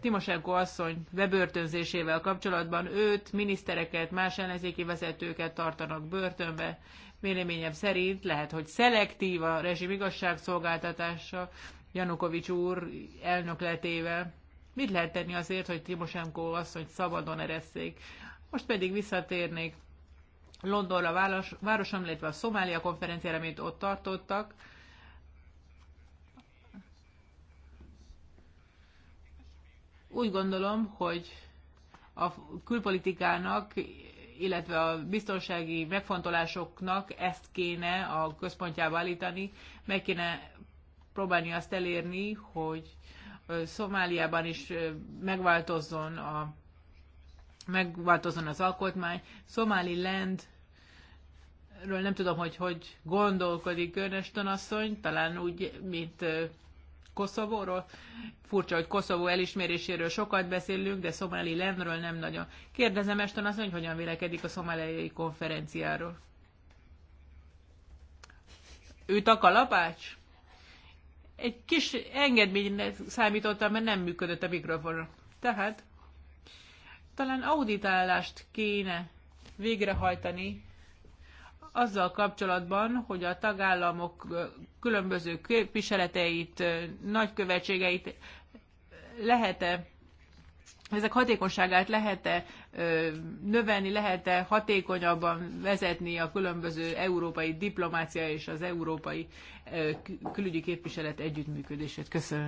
Timosenko asszony bebörtönzésével kapcsolatban? Őt, minisztereket, más ellenzéki vezetőket tartanak börtönbe. Véleményem szerint lehet, hogy szelektív a rezsim igazságszolgáltatása Janukovics úr elnökletével. Mit lehet tenni azért, hogy Timosenko hogy szabadon eresszék? Most pedig visszatérnék Londonra város, városom, illetve a Szomália konferenciára, amit ott tartottak. Úgy gondolom, hogy a külpolitikának illetve a biztonsági megfontolásoknak ezt kéne a központjába állítani, meg kéne próbálni azt elérni, hogy Szomáliában is megváltozzon, a, megváltozzon az alkotmány. Szomáli Land ről nem tudom, hogy hogy gondolkodik Örneston asszony, talán úgy, mint Koszovóról. Furcsa, hogy Koszovó elismeréséről sokat beszélünk, de szomáli lemről nem nagyon. Kérdezem Eston azt, hogy hogyan vélekedik a szomáliai konferenciáról. Őt a kalapács? Egy kis engedményre számítottam, mert nem működött a mikrofon. Tehát talán auditálást kéne végrehajtani azzal kapcsolatban, hogy a tagállamok különböző képviseleteit, nagykövetségeit lehet-e ezek hatékonyságát lehet-e növelni, lehet-e hatékonyabban vezetni a különböző európai diplomácia és az európai külügyi képviselet együttműködését? Köszönöm.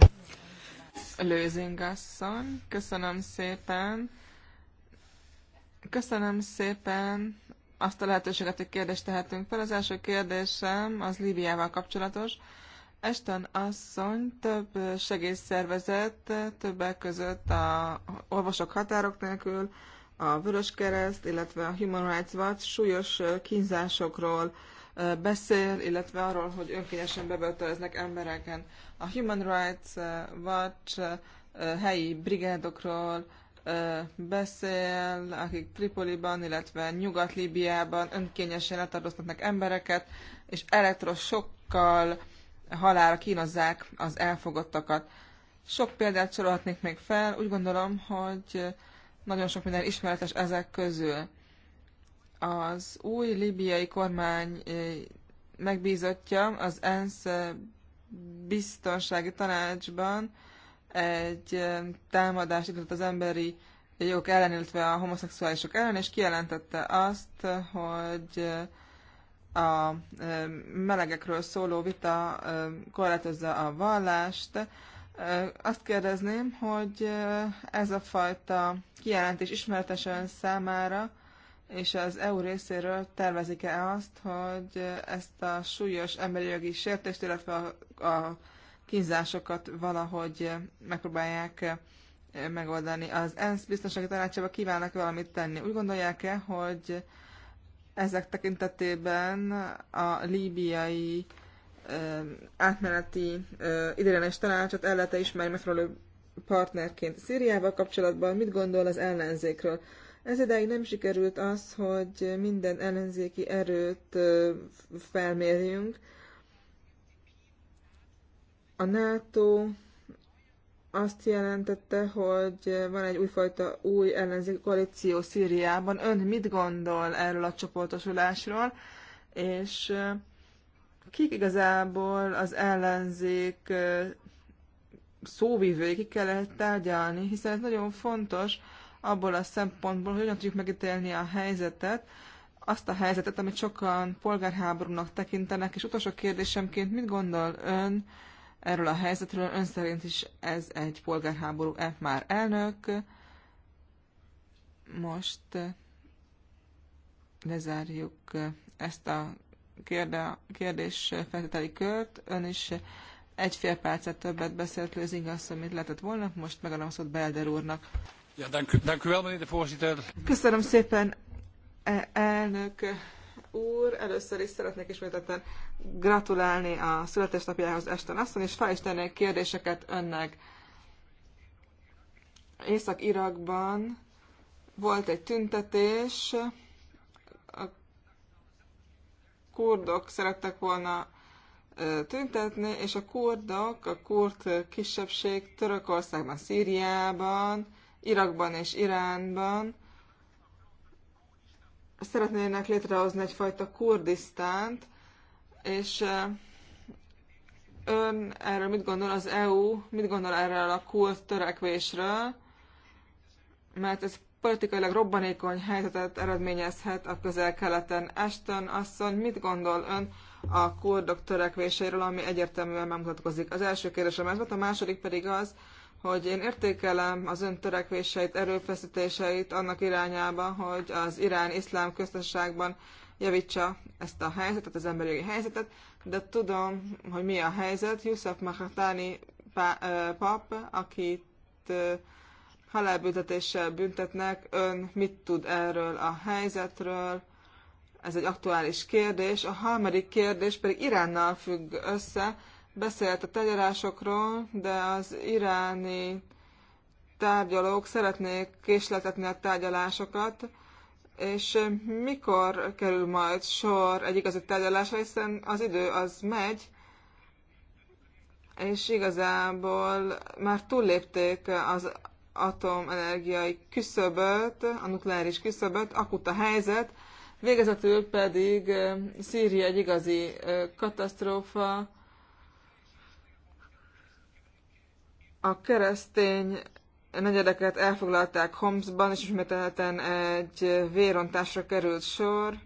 Lőzing asszony, köszönöm szépen. Köszönöm szépen azt a lehetőséget, hogy kérdést tehetünk fel. Az első kérdésem az Líbiával kapcsolatos. Eston asszony több segélyszervezet, többek között a Orvosok Határok nélkül, a vörös kereszt illetve a Human Rights Watch súlyos kínzásokról beszél, illetve arról, hogy önkényesen bebörtönöznek embereken. A Human Rights Watch helyi brigádokról, beszél, akik Tripoliban, illetve nyugat libiában önkényesen letartóztatnak embereket, és elektrosokkal halálra kínozzák az elfogottakat. Sok példát sorolhatnék még fel, úgy gondolom, hogy nagyon sok minden ismeretes ezek közül. Az új libiai kormány megbízottja az ENSZ biztonsági tanácsban egy támadást indított az emberi jogok ellen, illetve a homoszexuálisok ellen, és kijelentette azt, hogy a melegekről szóló vita korlátozza a vallást. Azt kérdezném, hogy ez a fajta kijelentés ismeretes ön számára, és az EU részéről tervezik-e azt, hogy ezt a súlyos emberi jogi sértést, illetve a, a kínzásokat valahogy megpróbálják eh, megoldani. Az ENSZ biztonsági tanácsába kívánnak valamit tenni. Úgy gondolják-e, hogy ezek tekintetében a líbiai eh, átmeneti eh, idegenes tanácsot el lehet -e ismerni megfelelő partnerként Szíriával kapcsolatban, mit gondol az ellenzékről. Ez ideig nem sikerült az, hogy minden ellenzéki erőt felmérjünk, a NATO azt jelentette, hogy van egy újfajta új ellenzéki koalíció Szíriában. Ön mit gondol erről a csoportosulásról, és kik igazából az ellenzék szóvívői, ki kellett tárgyalni, hiszen ez nagyon fontos abból a szempontból, hogy hogyan tudjuk megítélni a helyzetet, azt a helyzetet, amit sokan polgárháborúnak tekintenek, és utolsó kérdésemként mit gondol ön, erről a helyzetről. Ön szerint is ez egy polgárháború-e már elnök? Most eh, lezárjuk eh, ezt a kérdés felteteli kört. Ön is egy fél percet többet beszélt Lőzing asszony, mint lehetett volna. Most megadom szót Belder úrnak. Ja, dank dank u wel, meneer de voorzitter. Köszönöm szépen, e-, elnök úr, először is szeretnék ismételten gratulálni a születésnapjához este Asszon, és fel is tennék kérdéseket önnek. Észak-Irakban volt egy tüntetés, a kurdok szerettek volna tüntetni, és a kurdok, a kurd kisebbség Törökországban, Szíriában, Irakban és Iránban szeretnének létrehozni egyfajta Kurdisztánt, és ön erről mit gondol az EU, mit gondol erről a kurd törekvésről, mert ez politikailag robbanékony helyzetet eredményezhet a közel-keleten. Ashton asszony, mit gondol ön a kurdok törekvéseiről, ami egyértelműen megmutatkozik? Az első kérdésem ez volt, a második pedig az, hogy én értékelem az ön törekvéseit, erőfeszítéseit annak irányába, hogy az Irán-Iszlám köztársaságban javítsa ezt a helyzetet, az emberi helyzetet, de tudom, hogy mi a helyzet. Yusuf Mahatani pap, akit halálbüntetéssel büntetnek, ön mit tud erről a helyzetről? Ez egy aktuális kérdés. A harmadik kérdés pedig Iránnal függ össze, beszélt a tegyarásokról, de az iráni tárgyalók szeretnék késletetni a tárgyalásokat, és mikor kerül majd sor egy igazi tárgyalásra, hiszen az idő az megy, és igazából már túllépték az atomenergiai küszöböt, a nukleáris küszöböt, akut a helyzet, végezetül pedig eh, Szíria egy igazi eh, katasztrófa, A keresztény negyedeket elfoglalták Homsban, és ismételten egy vérontásra került sor.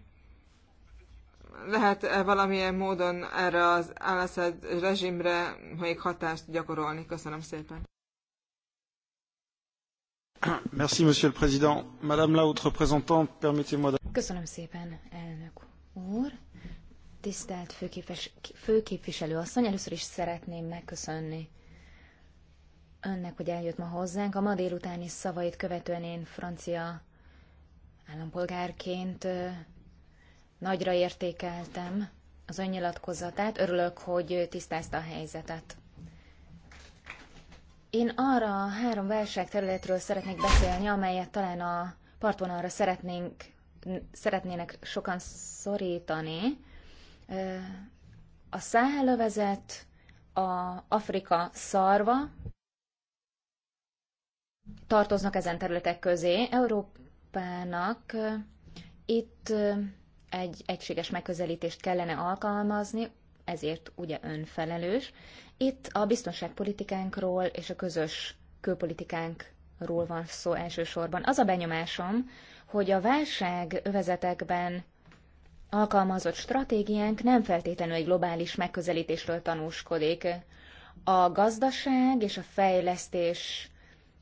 lehet -e valamilyen módon erre az állászed rezsimre még hatást gyakorolni? Köszönöm szépen. Merci, Monsieur le Président. Madame la Haute Représentante, permettez-moi... Köszönöm szépen, elnök úr. Tisztelt főképviselő asszony, először is szeretném megköszönni önnek, hogy eljött ma hozzánk. A ma délutáni szavait követően én francia állampolgárként nagyra értékeltem az önnyilatkozatát. Örülök, hogy tisztázta a helyzetet. Én arra a három területről szeretnék beszélni, amelyet talán a partvonalra szeretnénk, szeretnének sokan szorítani. A száhelövezet, a Afrika szarva, tartoznak ezen területek közé. Európának itt egy egységes megközelítést kellene alkalmazni, ezért ugye önfelelős. Itt a biztonságpolitikánkról és a közös külpolitikánkról van szó elsősorban. Az a benyomásom, hogy a válság övezetekben alkalmazott stratégiánk nem feltétlenül egy globális megközelítésről tanúskodik. A gazdaság és a fejlesztés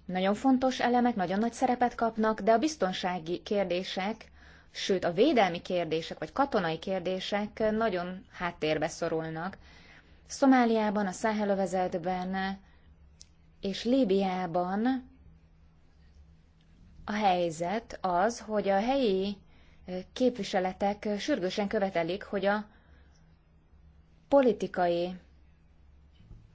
nagyon fontos elemek, nagyon nagy szerepet kapnak, de a biztonsági kérdések, sőt a védelmi kérdések vagy katonai kérdések nagyon háttérbe szorulnak. Szomáliában, a Száhelövezetben és Líbiában a helyzet az, hogy a helyi képviseletek sürgősen követelik, hogy a politikai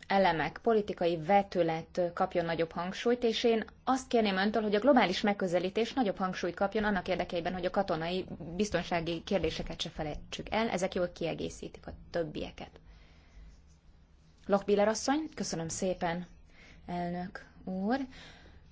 elemek, politikai vetület kapjon nagyobb hangsúlyt, és én azt kérném öntől, hogy a globális megközelítés nagyobb hangsúlyt kapjon annak érdekében, hogy a katonai biztonsági kérdéseket se felejtsük el, ezek jól kiegészítik a többieket. Lochbiller asszony, köszönöm szépen, elnök úr.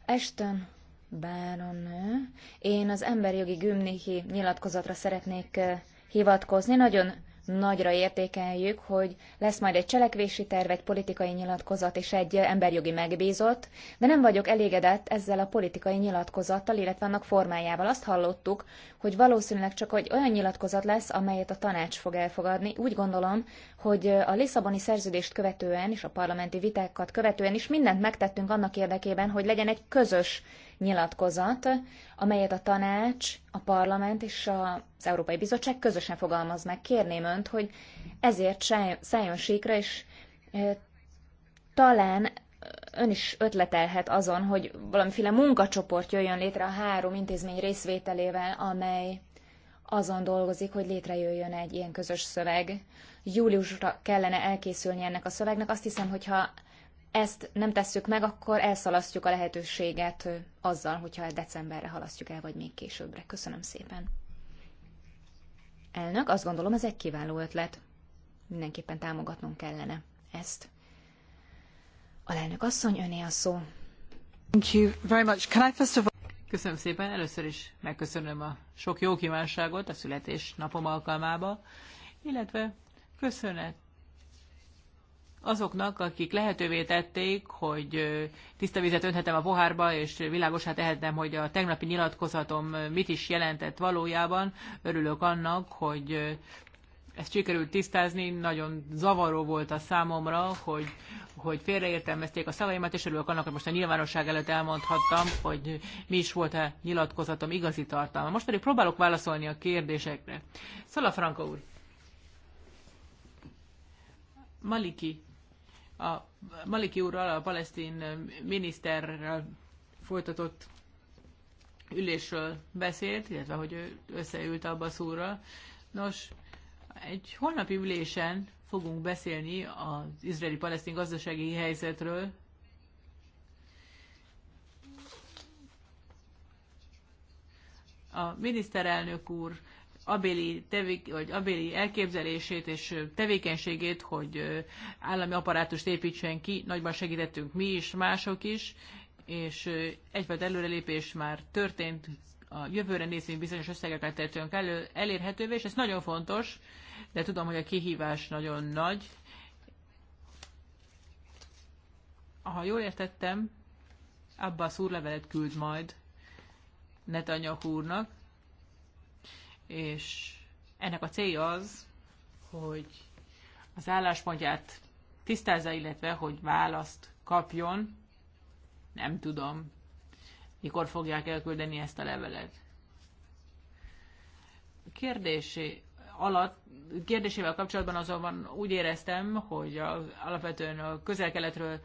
Esten Báronő, én az emberjogi gümnihi nyilatkozatra szeretnék eh, hivatkozni. Nagyon nagyra értékeljük, hogy lesz majd egy cselekvési terv, egy politikai nyilatkozat és egy emberjogi megbízott, de nem vagyok elégedett ezzel a politikai nyilatkozattal, illetve annak formájával. Azt hallottuk, hogy valószínűleg csak egy olyan nyilatkozat lesz, amelyet a tanács fog elfogadni. Úgy gondolom, hogy a Lisszaboni szerződést követően és a parlamenti vitákat követően is mindent megtettünk annak érdekében, hogy legyen egy közös nyilatkozat, amelyet a tanács, a parlament és az Európai Bizottság közösen fogalmaz meg. Kérném önt, hogy ezért szálljon síkra, és talán ön is ötletelhet azon, hogy valamiféle munkacsoport jöjjön létre a három intézmény részvételével, amely azon dolgozik, hogy létrejöjjön egy ilyen közös szöveg. Júliusra kellene elkészülni ennek a szövegnek. Azt hiszem, hogyha ezt nem tesszük meg, akkor elszalasztjuk a lehetőséget azzal, hogyha decemberre halasztjuk el, vagy még későbbre. Köszönöm szépen. Elnök, azt gondolom, ez egy kiváló ötlet. Mindenképpen támogatnunk kellene ezt. lelnök asszony, öné a szó. Thank you very much. Can I first of all... Köszönöm szépen. Először is megköszönöm a sok jó kívánságot a születésnapom alkalmába, illetve köszönet azoknak, akik lehetővé tették, hogy tiszta vizet önthetem a pohárba, és világosá tehetem, hogy a tegnapi nyilatkozatom mit is jelentett valójában. Örülök annak, hogy ezt sikerült tisztázni, nagyon zavaró volt a számomra, hogy, hogy félreértelmezték a szavaimat, és örülök annak, hogy most a nyilvánosság előtt elmondhattam, hogy mi is volt a nyilatkozatom igazi tartalma. Most pedig próbálok válaszolni a kérdésekre. Szala Franka úr! Maliki a Maliki úrral, a palesztin miniszterrel folytatott ülésről beszélt, illetve hogy ő összeült a baszúrral. Nos, egy holnapi ülésen fogunk beszélni az izraeli-palesztin gazdasági helyzetről. A miniszterelnök úr abéli, tevék, vagy abéli elképzelését és tevékenységét, hogy állami apparátust építsen ki, nagyban segítettünk mi is, mások is, és egyfajta előrelépés már történt, a jövőre nézve bizonyos összegeket tettünk elő, elérhetővé, és ez nagyon fontos, de tudom, hogy a kihívás nagyon nagy. Ha jól értettem, abba a levelet küld majd Netanyahu úrnak, és ennek a célja az, hogy az álláspontját tisztázza, illetve hogy választ kapjon. Nem tudom, mikor fogják elküldeni ezt a levelet. Kérdésé alatt, kérdésével kapcsolatban azonban úgy éreztem, hogy a, alapvetően a közel-keletről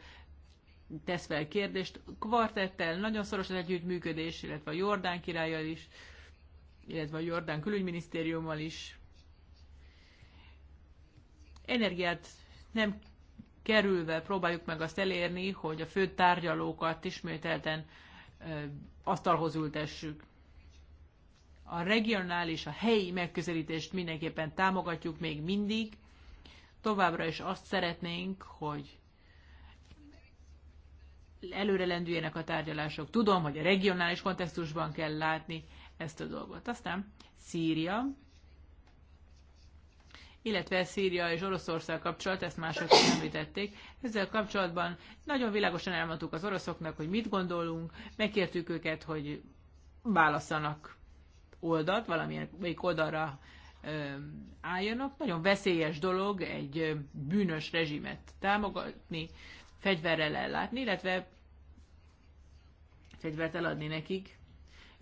tesz fel kérdést. Kvartettel nagyon szoros az együttműködés, illetve a Jordán királlyal is illetve a Jordán külügyminisztériummal is. Energiát nem kerülve próbáljuk meg azt elérni, hogy a fő tárgyalókat ismételten asztalhoz ültessük. A regionális, a helyi megközelítést mindenképpen támogatjuk még mindig. Továbbra is azt szeretnénk, hogy előre lendüljenek a tárgyalások. Tudom, hogy a regionális kontextusban kell látni ezt a dolgot. Aztán Szíria, illetve Szíria és Oroszország kapcsolat, ezt mások is említették. Ezzel kapcsolatban nagyon világosan elmondtuk az oroszoknak, hogy mit gondolunk, megkértük őket, hogy válaszanak oldalt, valamilyen melyik oldalra ö, álljanak. Nagyon veszélyes dolog egy bűnös rezsimet támogatni, fegyverrel ellátni, illetve fegyvert eladni nekik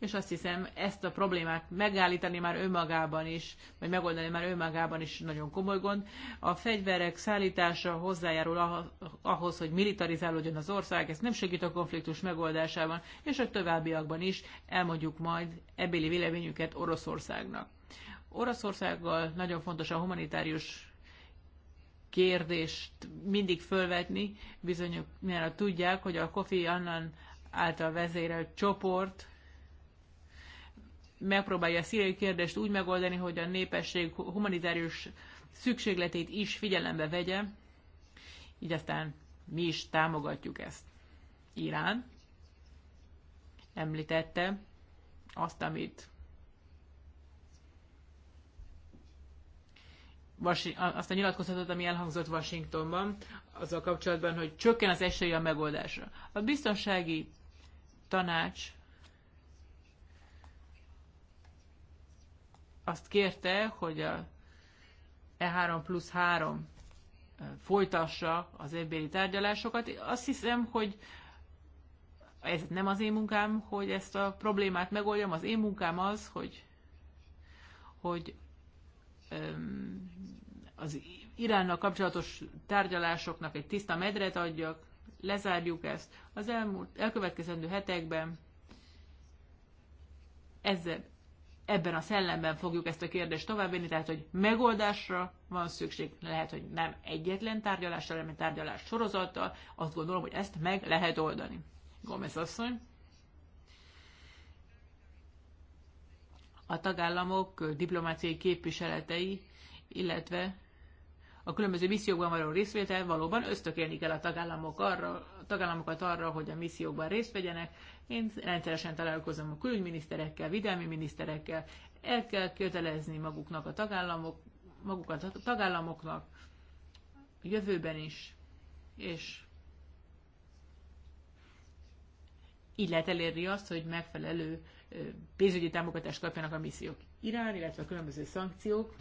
és azt hiszem ezt a problémát megállítani már önmagában is, vagy megoldani már önmagában is nagyon komoly gond. A fegyverek szállítása hozzájárul ah-, ahhoz, hogy militarizálódjon az ország, ez nem segít a konfliktus megoldásában, és a továbbiakban is elmondjuk majd ebéli véleményüket Oroszországnak. Oroszországgal nagyon fontos a humanitárius kérdést mindig fölvetni, mert tudják, hogy a Kofi Annan által vezérelt csoport megpróbálja a szíriai kérdést úgy megoldani, hogy a népesség humanitárius szükségletét is figyelembe vegye, így aztán mi is támogatjuk ezt. Irán említette azt, amit azt a nyilatkozatot, ami elhangzott Washingtonban, azzal kapcsolatban, hogy csökken az esély a megoldásra. A biztonsági tanács azt kérte, hogy a E3 plusz 3 folytassa az évbéli tárgyalásokat. Azt hiszem, hogy ez nem az én munkám, hogy ezt a problémát megoldjam. Az én munkám az, hogy, hogy az Iránnal kapcsolatos tárgyalásoknak egy tiszta medret adjak, lezárjuk ezt. Az elmúlt, elkövetkezendő hetekben ezzel ebben a szellemben fogjuk ezt a kérdést továbbvinni, tehát hogy megoldásra van szükség, lehet, hogy nem egyetlen tárgyalással, hanem egy tárgyalás sorozattal, azt gondolom, hogy ezt meg lehet oldani. Gomez asszony. A tagállamok diplomáciai képviseletei, illetve a különböző missziókban való részvétel valóban ösztökélni kell a tagállamok arra, tagállamokat arra, hogy a missziókban részt vegyenek. Én rendszeresen találkozom a külügyminiszterekkel, videlmi miniszterekkel. El kell kötelezni maguknak a tagállamok, magukat a tagállamoknak jövőben is, és így lehet elérni azt, hogy megfelelő pénzügyi támogatást kapjanak a missziók. Irán, illetve a különböző szankciók.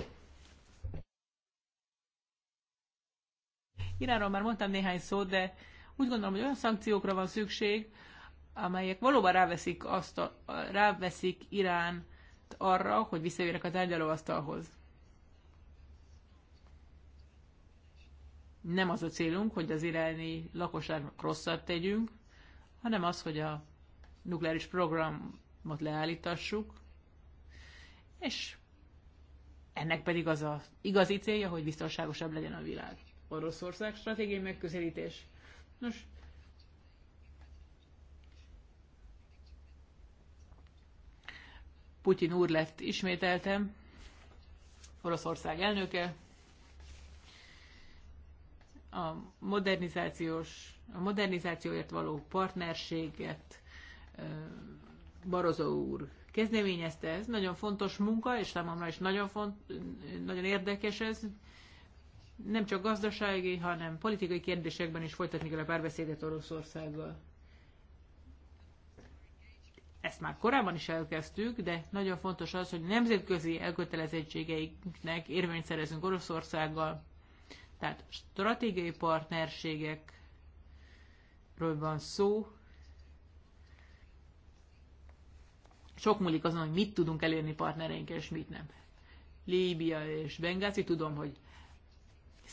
Iránról már mondtam néhány szót, de úgy gondolom, hogy olyan szankciókra van szükség, amelyek valóban ráveszik, azt a, ráveszik Irán arra, hogy visszajöjjenek a tárgyalóasztalhoz. Nem az a célunk, hogy az iráni lakosságnak rosszat tegyünk, hanem az, hogy a nukleáris programot leállítassuk, és ennek pedig az a igazi célja, hogy biztonságosabb legyen a világ. Oroszország stratégiai megközelítés. Nos, Putyin úr lett ismételtem, Oroszország elnöke, a modernizációs, a modernizációért való partnerséget Barozó úr kezdeményezte. Ez nagyon fontos munka, és számomra is nagyon, font, nagyon érdekes ez nem csak gazdasági, hanem politikai kérdésekben is folytatni kell a párbeszédet Oroszországgal. Ezt már korábban is elkezdtük, de nagyon fontos az, hogy nemzetközi elkötelezettségeinknek érvényt szerezünk Oroszországgal. Tehát stratégiai partnerségekről van szó. Sok múlik azon, hogy mit tudunk elérni partnereinkkel, és mit nem. Líbia és Bengázi, tudom, hogy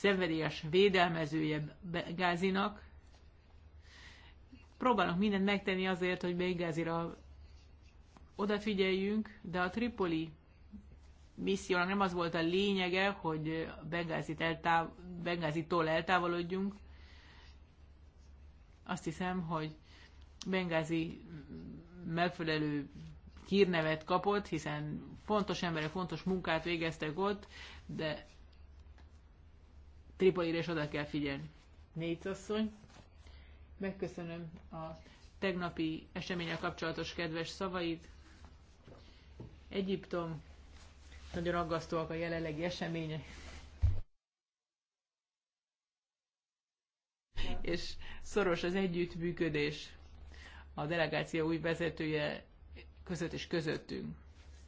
szenvedélyes védelmezője Gázinak. Próbálnak mindent megtenni azért, hogy Bengázira odafigyeljünk, de a Tripoli missziónak nem az volt a lényege, hogy Bengázit eltáv- Bengázitól eltávolodjunk. Azt hiszem, hogy Bengázi megfelelő hírnevet kapott, hiszen fontos emberek fontos munkát végeztek ott, de Tripolira is oda kell figyelni. Négy asszony, megköszönöm a tegnapi eseménye kapcsolatos kedves szavaid. Egyiptom, nagyon aggasztóak a jelenlegi események. És szoros az együttműködés a delegáció új vezetője között és közöttünk.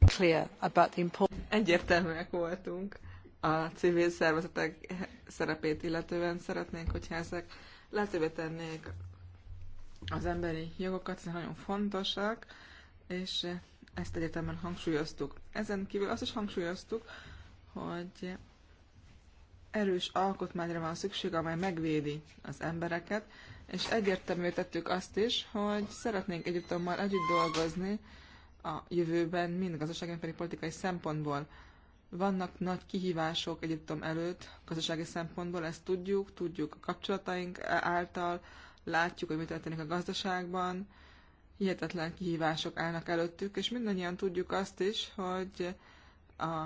Clear about the Egyértelműek voltunk a civil szervezetek szerepét illetően szeretnénk, hogyha ezek lehetővé tennék az emberi jogokat, ez nagyon fontosak, és ezt egyetemben hangsúlyoztuk. Ezen kívül azt is hangsúlyoztuk, hogy erős alkotmányra van szükség, amely megvédi az embereket, és egyértelmű tettük azt is, hogy szeretnénk együttommal együtt dolgozni a jövőben, mind gazdasági, pedig politikai szempontból. Vannak nagy kihívások Egyiptom előtt gazdasági szempontból, ezt tudjuk, tudjuk a kapcsolataink által, látjuk, hogy mi történik a gazdaságban, hihetetlen kihívások állnak előttük, és mindannyian tudjuk azt is, hogy a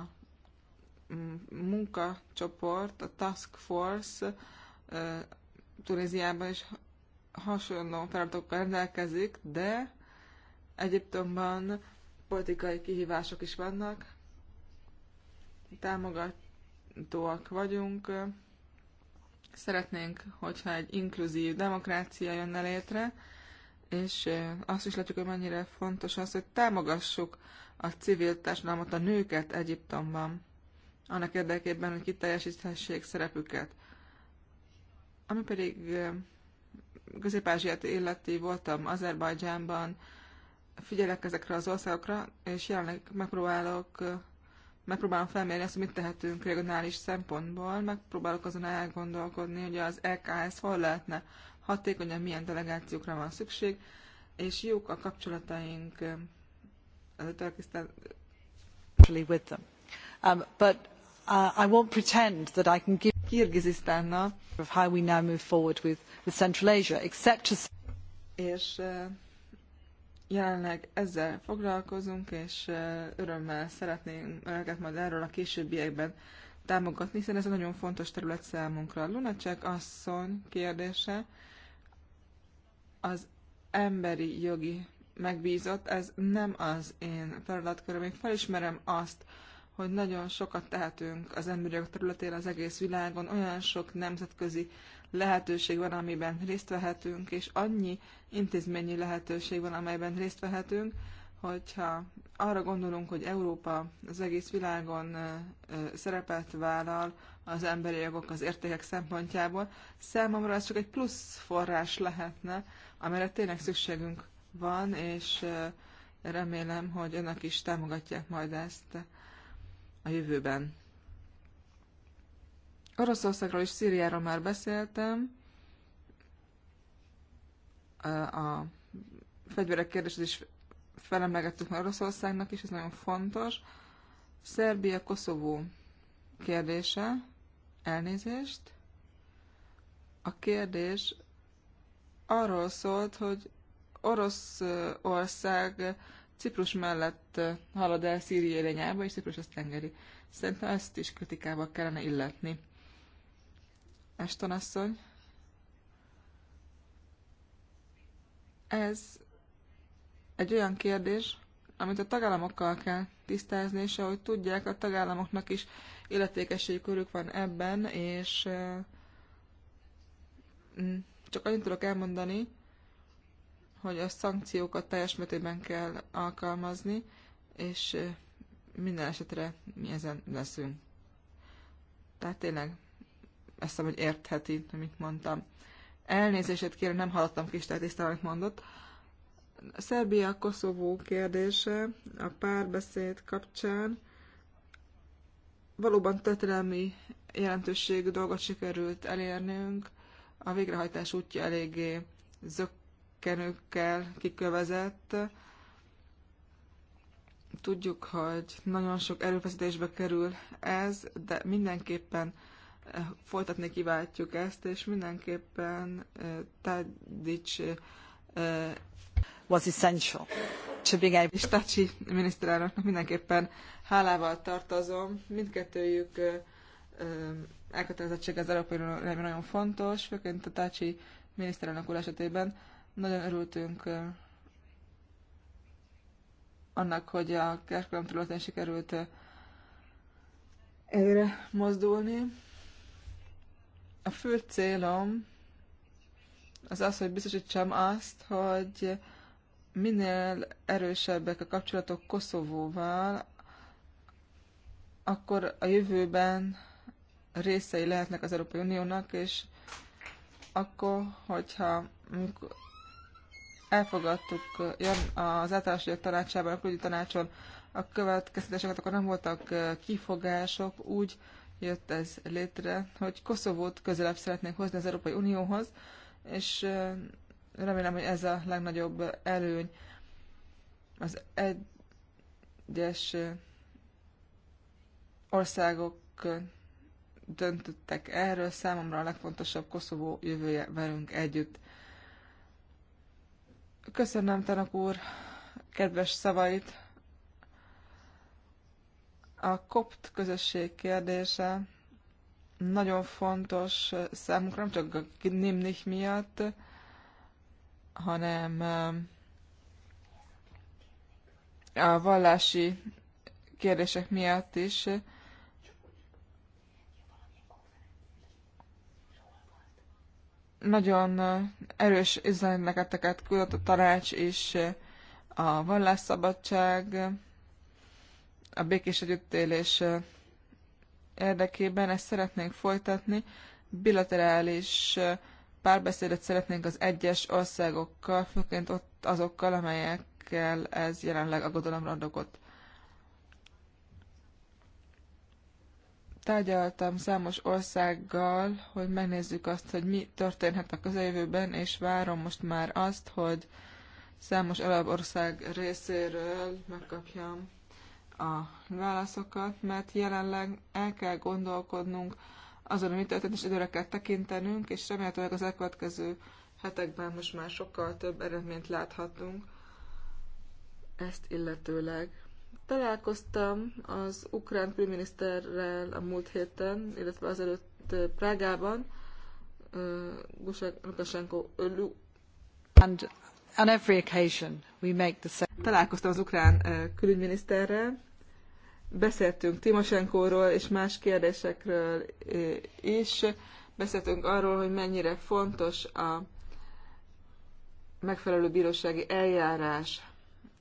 munkacsoport, a task force Tunéziában is hasonló feladatokkal rendelkezik, de Egyiptomban politikai kihívások is vannak, támogatóak vagyunk. Szeretnénk, hogyha egy inkluzív demokrácia jönne létre, és azt is látjuk, hogy mennyire fontos az, hogy támogassuk a civil társadalmat, a nőket Egyiptomban, annak érdekében, hogy kiteljesíthessék szerepüket. Ami pedig közép illeti voltam Azerbajdzsánban, figyelek ezekre az országokra, és jelenleg megpróbálok megpróbálom felmérni azt, hogy mit tehetünk regionális szempontból, megpróbálok azon elgondolkodni, hogy az EKS hol lehetne hatékonyan, milyen delegációkra van szükség, és jók a kapcsolataink az Törkisztán... with them. Um, but uh, I won't pretend that I can give Kirgizisztánnal of how we now move forward with, with Central Asia, except to és uh, jelenleg ezzel foglalkozunk, és örömmel szeretném önöket majd erről a későbbiekben támogatni, hiszen ez egy nagyon fontos terület számunkra. Lunacek asszony kérdése az emberi jogi megbízott, ez nem az én feladatköröm. Én felismerem azt, hogy nagyon sokat tehetünk az emberi jog területén az egész világon, olyan sok nemzetközi lehetőség van, amiben részt vehetünk, és annyi intézményi lehetőség van, amelyben részt vehetünk, hogyha arra gondolunk, hogy Európa az egész világon szerepet vállal az emberi jogok, az értékek szempontjából, számomra ez csak egy plusz forrás lehetne, amire tényleg szükségünk van, és remélem, hogy önök is támogatják majd ezt a jövőben. Oroszországról és Szíriáról már beszéltem. A fegyverek kérdését is felemlegettük már Oroszországnak is, ez nagyon fontos. Szerbia-Koszovó kérdése, elnézést. A kérdés arról szólt, hogy Oroszország Ciprus mellett halad el Szíria irányába, és Ciprus azt tengeri. Szerintem ezt is kritikába kellene illetni. Eston asszony. Ez egy olyan kérdés, amit a tagállamokkal kell tisztázni, és ahogy tudják, a tagállamoknak is illetékességi körük van ebben, és eh, mm, csak annyit tudok elmondani, hogy a szankciókat teljes mértékben kell alkalmazni, és eh, minden esetre mi ezen leszünk. Tehát tényleg azt hiszem, hogy értheti, amit mondtam. Elnézését kérem, nem hallottam kis tisztán, amit mondott. Szerbia-Koszovó kérdése a párbeszéd kapcsán valóban történelmi jelentőségű dolgot sikerült elérnünk. A végrehajtás útja eléggé zökkenőkkel kikövezett. Tudjuk, hogy nagyon sok erőfeszítésbe kerül ez, de mindenképpen folytatni kiváltjuk ezt, és mindenképpen Tadic was essential to being able... És Tacsi miniszterelnöknek mindenképpen hálával tartozom. Mindkettőjük elkötelezettség az Európai Unió nagyon fontos, főként a Tacsi miniszterelnök úr esetében. Nagyon örültünk annak, hogy a kereskedelem területen sikerült előre mozdulni. A fő célom az az, hogy biztosítsam azt, hogy minél erősebbek a kapcsolatok Koszovóval, akkor a jövőben részei lehetnek az Európai Uniónak, és akkor, hogyha elfogadtuk az általános tanácsában, a külügyi tanácson a következtetéseket, akkor nem voltak eh, kifogások, úgy jött ez létre, hogy Koszovót közelebb szeretnénk hozni az Európai Unióhoz, és remélem, hogy ez a legnagyobb előny az egyes országok döntöttek erről, számomra a legfontosabb Koszovó jövője velünk együtt. Köszönöm, Tanak úr, kedves szavait! A kopt közösség kérdése nagyon fontos számunkra, nem csak a Nimnich miatt, hanem eh, a vallási kérdések miatt is. Nagyon eh, erős üzeneteket küldött a tanács is, eh, a vallásszabadság, a békés együttélés érdekében ezt szeretnénk folytatni, bilaterális párbeszédet szeretnénk az egyes országokkal, főként ott azokkal, amelyekkel ez jelenleg aggodalomra ad okot. Tárgyaltam számos országgal, hogy megnézzük azt, hogy mi történhet a közeljövőben, és várom most már azt, hogy számos arab ország részéről megkapjam a válaszokat, mert jelenleg el kell gondolkodnunk azon, amit történt, és időre kell tekintenünk, és remélhetőleg az elkövetkező hetekben most már sokkal több eredményt láthatunk ezt illetőleg. Találkoztam az ukrán külminiszterrel a múlt héten, illetve azelőtt Prágában, Lukashenko Lukasenko And on every occasion we make the same. Találkoztam az ukrán külügyminiszterrel, Beszéltünk Timosenkóról és más kérdésekről is. Beszéltünk arról, hogy mennyire fontos a megfelelő bírósági eljárás.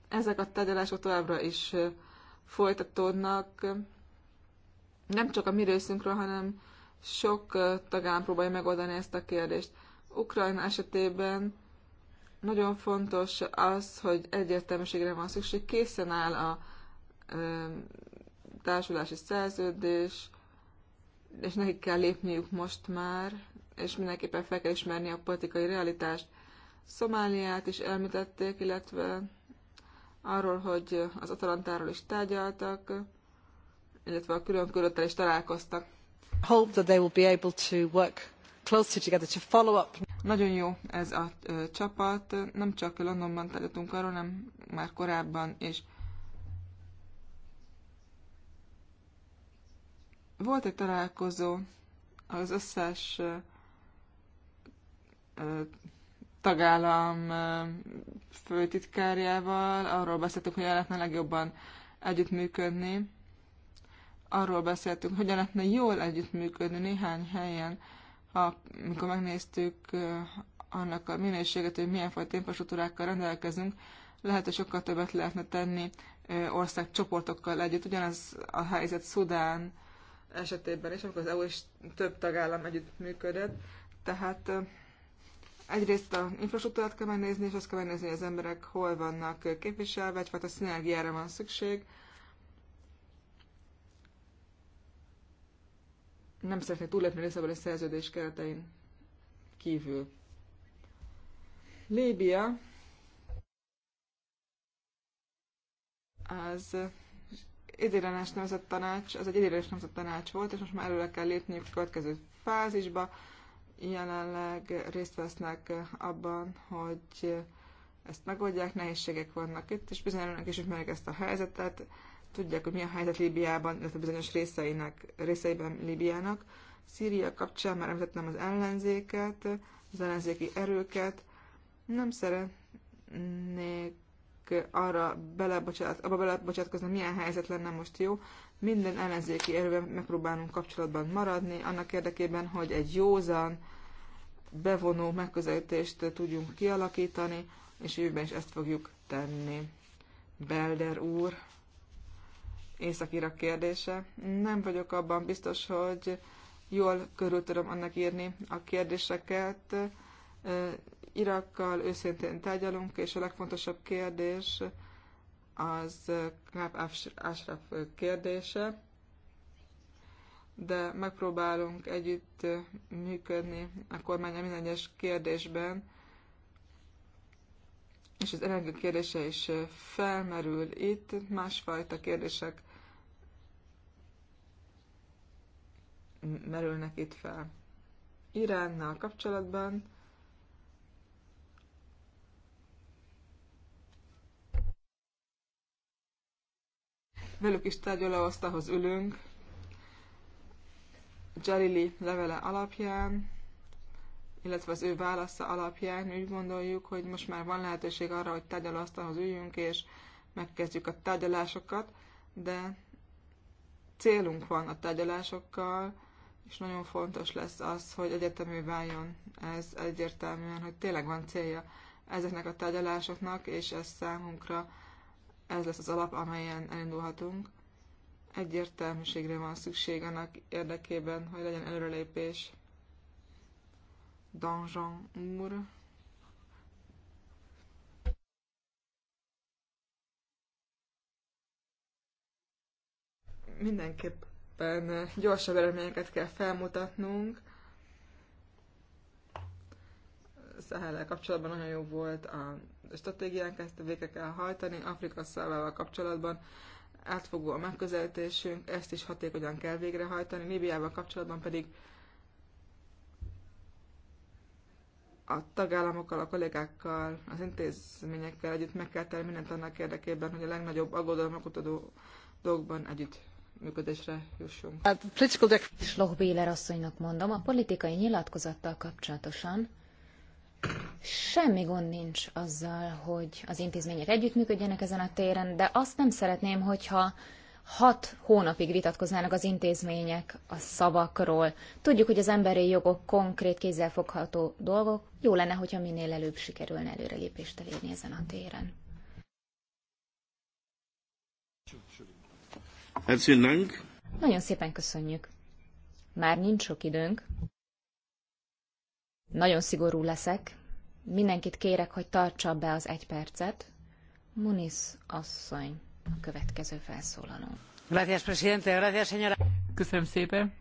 Ezek a tárgyalások továbbra is folytatódnak, nem csak a mi részünkről, hanem sok tagállam próbálja megoldani ezt a kérdést. Ukrajna esetében nagyon fontos az, hogy egyértelműségre van szükség, készen áll a társulási szerződés, és nekik kell lépniük most már, és mindenképpen fel kell ismerni a politikai realitást. Szomáliát is elmítették, illetve arról, hogy az Atalantáról is tárgyaltak, illetve a külön köröttel is találkoztak. Hope that they will be able to work closer together to follow up. Nagyon jó ez a ö, csapat, nem csak Londonban tárgyaltunk arról, hanem már korábban, és Volt egy találkozó az összes tagállam főtitkárjával, arról beszéltük, hogy lehetne legjobban együttműködni, arról beszéltünk, hogy lehetne jól együttműködni néhány helyen, ha, mikor megnéztük annak a minőséget, hogy milyen fajta infrastruktúrákkal rendelkezünk, lehet, hogy sokkal többet lehetne tenni országcsoportokkal együtt. Ugyanez a helyzet Szudán esetében is, amikor az EU és több tagállam együtt működött. Tehát egyrészt a infrastruktúrát kell megnézni, és azt kell megnézni, hogy az emberek hol vannak képviselve, a szinergiára van szükség. Nem szeretnék túllépni a szerződés keretein kívül. Líbia az idérenes nemzet tanács, az egy idérenes nemzet tanács volt, és most már előre kell lépniük a következő fázisba. Jelenleg részt vesznek abban, hogy ezt megoldják, nehézségek vannak itt, és bizony önök is ismerik ezt a helyzetet, tudják, hogy mi a helyzet Líbiában, illetve bizonyos részeinek, részeiben Líbiának. Szíria kapcsán már említettem az ellenzéket, az ellenzéki erőket. Nem szeretnék arra belebocsát, abba belebocsátkozni, milyen helyzet lenne most jó. Minden ellenzéki erővel megpróbálunk kapcsolatban maradni, annak érdekében, hogy egy józan, bevonó megközelítést tudjunk kialakítani, és jövőben is ezt fogjuk tenni. Belder úr, Észak-Irak kérdése. Nem vagyok abban biztos, hogy jól körül tudom annak írni a kérdéseket. Irakkal őszintén tárgyalunk, és a legfontosabb kérdés az Knab Ashraf kérdése, de megpróbálunk együtt működni a kormány minden egyes kérdésben, és az energia kérdése is felmerül itt, másfajta kérdések merülnek itt fel. Iránnal kapcsolatban velük is tárgyalóasztalhoz ülünk, Jalili levele alapján, illetve az ő válasza alapján úgy gondoljuk, hogy most már van lehetőség arra, hogy tárgyalóasztalhoz üljünk, és megkezdjük a tárgyalásokat, de célunk van a tárgyalásokkal, és nagyon fontos lesz az, hogy egyetemű váljon ez egyértelműen, hogy tényleg van célja ezeknek a tárgyalásoknak, és ez számunkra ez lesz az alap, amelyen elindulhatunk. Egyértelműségre van szükség annak érdekében, hogy legyen előrelépés. Donjon úr. Mindenképpen gyorsabb eredményeket kell felmutatnunk, Száhellel kapcsolatban nagyon jó volt a stratégiánk, ezt végre kell hajtani, Afrika szávával kapcsolatban átfogó a megközelítésünk, ezt is hatékonyan kell végrehajtani, Líbiával kapcsolatban pedig a tagállamokkal, a kollégákkal, az intézményekkel együtt meg kell tenni mindent annak érdekében, hogy a legnagyobb aggodalmakat utadó dolgokban együtt működésre jussunk. Sloch Béler asszonynak mondom, a politikai nyilatkozattal kapcsolatosan Semmi gond nincs azzal, hogy az intézmények együttműködjenek ezen a téren, de azt nem szeretném, hogyha hat hónapig vitatkoznának az intézmények a szavakról. Tudjuk, hogy az emberi jogok konkrét kézzelfogható dolgok. Jó lenne, hogyha minél előbb sikerülne előrelépést elérni ezen a téren. Nagyon szépen köszönjük. Már nincs sok időnk. Nagyon szigorú leszek. Mindenkit kérek, hogy tartsa be az egy percet. Muniz asszony, a következő felszólaló. Gracias, presidente. Gracias, señora. Köszönöm szépen.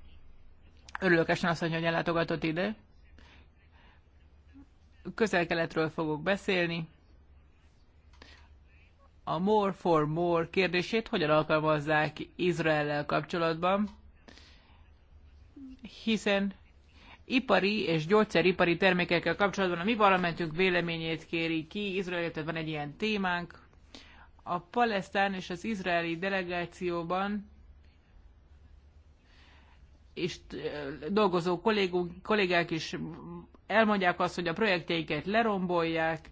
Örülök Esen asszony, hogy ellátogatott ide. Közel-keletről fogok beszélni. A more for more kérdését hogyan alkalmazzák Izrael kapcsolatban, hiszen ipari és gyógyszeripari termékekkel kapcsolatban a mi parlamentünk véleményét kéri ki. Izrael, tehát van egy ilyen témánk. A palesztán és az izraeli delegációban és dolgozó kollégunk, kollégák is elmondják azt, hogy a projektjeiket lerombolják,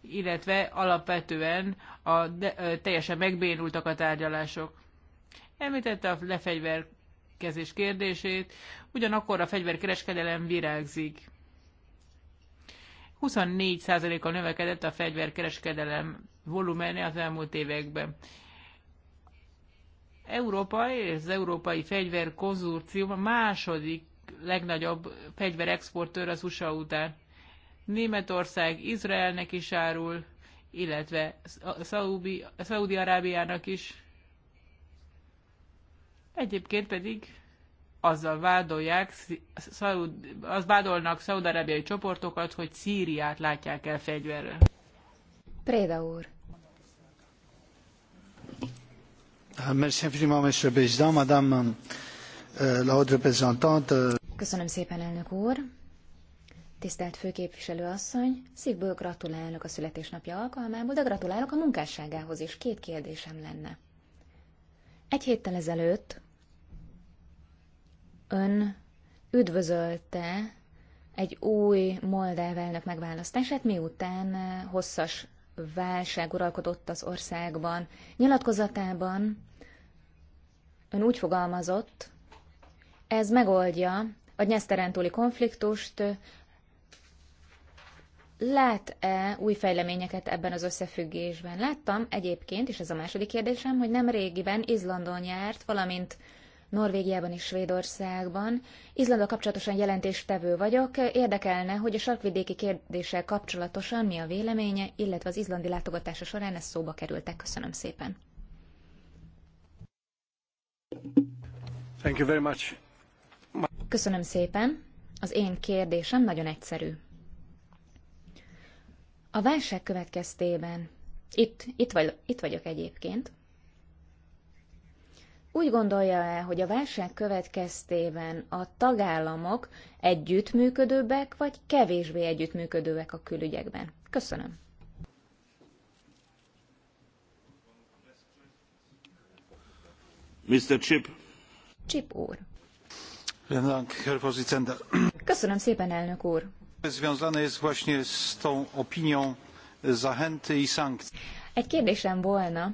illetve alapvetően a de, ö, teljesen megbénultak a tárgyalások. Említette a lefegyver kezés kérdését, ugyanakkor a fegyverkereskedelem virágzik. 24%-kal növekedett a fegyverkereskedelem volumene az elmúlt években. Európa és az Európai Fegyverkonzorcium a második legnagyobb fegyverexportőr az USA után. Németország Izraelnek is árul, illetve Szaudi-Arábiának is. Egyébként pedig azzal vádolják, az vádolnak szaudarábiai csoportokat, hogy Szíriát látják el fegyverrel. Préda úr. Euh, merci infiniment, monsieur président, madame euh, la haute représentante. Euh, Köszönöm szépen, elnök úr. Tisztelt főképviselő asszony, szívből gratulálok a születésnapja alkalmából, de gratulálok a munkásságához is. Két kérdésem lenne. Egy héttel ezelőtt ön üdvözölte egy új moldáv elnök megválasztását, miután eh, hosszas válság uralkodott az országban. Nyilatkozatában ön úgy fogalmazott, ez megoldja a nyeszteren túli konfliktust, Lát-e új fejleményeket ebben az összefüggésben? Láttam egyébként, és ez a második kérdésem, hogy nem régiben Izlandon járt, valamint Norvégiában és Svédországban. Izlanda kapcsolatosan jelentéstevő vagyok. Érdekelne, hogy a sarkvidéki kérdéssel kapcsolatosan mi a véleménye, illetve az izlandi látogatása során ez szóba kerültek. Köszönöm szépen. Thank you very much. Köszönöm szépen. Az én kérdésem nagyon egyszerű. A válság következtében, itt, itt, vagy, itt vagyok egyébként, úgy gondolja-e, hogy a válság következtében a tagállamok együttműködőbbek vagy kevésbé együttműködőek a külügyekben? Köszönöm. Mr. Chip. Chip úr. Köszönöm szépen, elnök úr. Egy kérdésem volna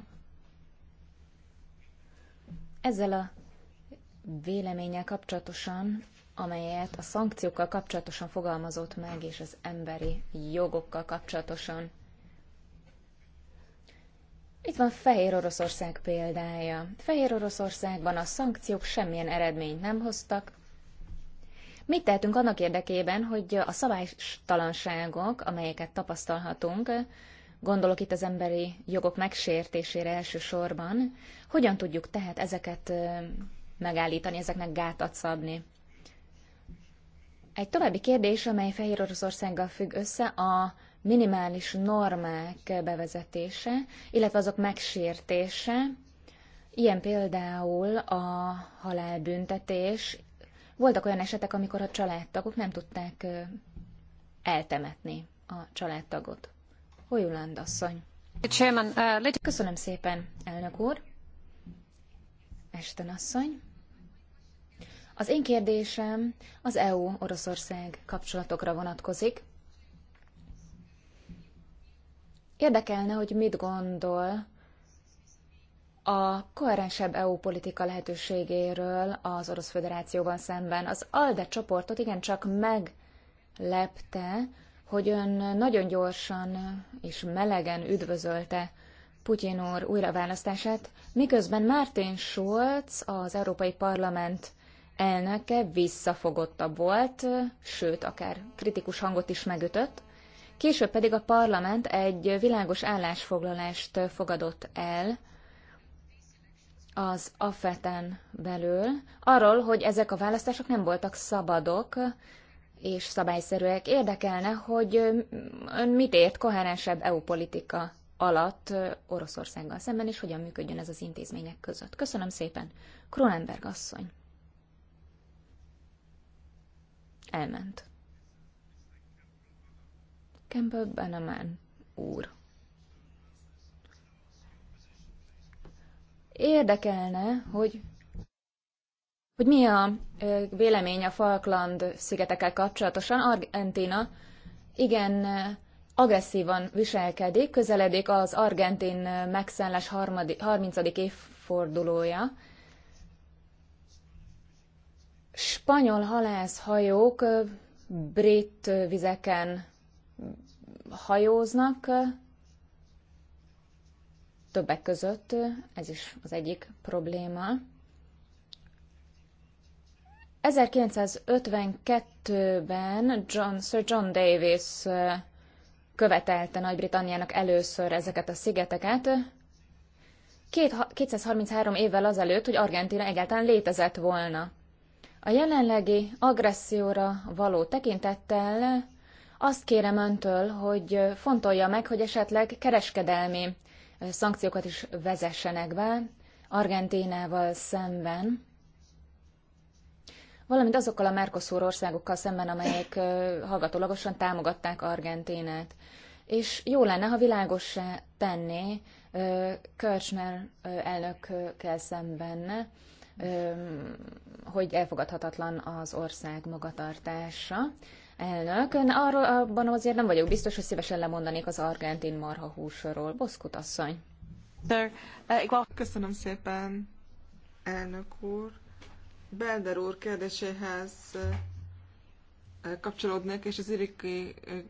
ezzel a véleménnyel kapcsolatosan, amelyet a szankciókkal kapcsolatosan fogalmazott meg, és az emberi jogokkal kapcsolatosan. Itt van Fehér Oroszország példája. Fehér Oroszországban a szankciók semmilyen eredményt nem hoztak. Mit tehetünk annak érdekében, hogy a szabálytalanságok, amelyeket tapasztalhatunk, gondolok itt az emberi jogok megsértésére elsősorban, hogyan tudjuk tehát ezeket megállítani, ezeknek gátat szabni? Egy további kérdés, amely Fehér Oroszországgal függ össze, a minimális normák bevezetése, illetve azok megsértése, ilyen például a halálbüntetés. Voltak olyan esetek, amikor a családtagok nem tudták eltemetni a családtagot. Hojuland asszony. Uh, Köszönöm szépen, elnök úr. Esten asszony. Az én kérdésem az EU-Oroszország kapcsolatokra vonatkozik. Érdekelne, hogy mit gondol a koherensebb EU politika lehetőségéről az Orosz Föderációval szemben. Az ALDE csoportot igencsak meglepte, hogy ön nagyon gyorsan és melegen üdvözölte Putyin úr újraválasztását, miközben Martin Schulz, az Európai Parlament elnöke visszafogottabb volt, sőt, akár kritikus hangot is megütött, később pedig a parlament egy világos állásfoglalást fogadott el az AFETEN belül, arról, hogy ezek a választások nem voltak szabadok, és szabályszerűek. Érdekelne, hogy ön mit ért koherensebb EU politika alatt Oroszországgal szemben, és hogyan működjön ez az intézmények között. Köszönöm szépen. Kronenberg asszony. Elment. Campbell Bannerman úr. Érdekelne, hogy hogy mi a vélemény a Falkland szigetekkel kapcsolatosan. Argentina igen agresszívan viselkedik, közeledik az argentin megszállás 30. évfordulója. Spanyol halászhajók brit vizeken hajóznak, többek között ez is az egyik probléma. 1952-ben John, Sir John Davis követelte Nagy-Britanniának először ezeket a szigeteket, Két, 233 évvel azelőtt, hogy Argentina egyáltalán létezett volna. A jelenlegi agresszióra való tekintettel azt kérem öntől, hogy fontolja meg, hogy esetleg kereskedelmi szankciókat is vezessenek be Argentinával szemben, valamint azokkal a Mercosur országokkal szemben, amelyek hallgatólagosan támogatták Argentinát. És jó lenne, ha világossá tenné Kirchner elnökkel szemben, hogy elfogadhatatlan az ország magatartása. Elnök, ön arról abban azért nem vagyok biztos, hogy szívesen lemondanék az argentin marha húsról. Boszkut asszony. Uh, Köszönöm szépen, elnök úr. Belder úr kérdéséhez eh, kapcsolódnék, és az iriki eh,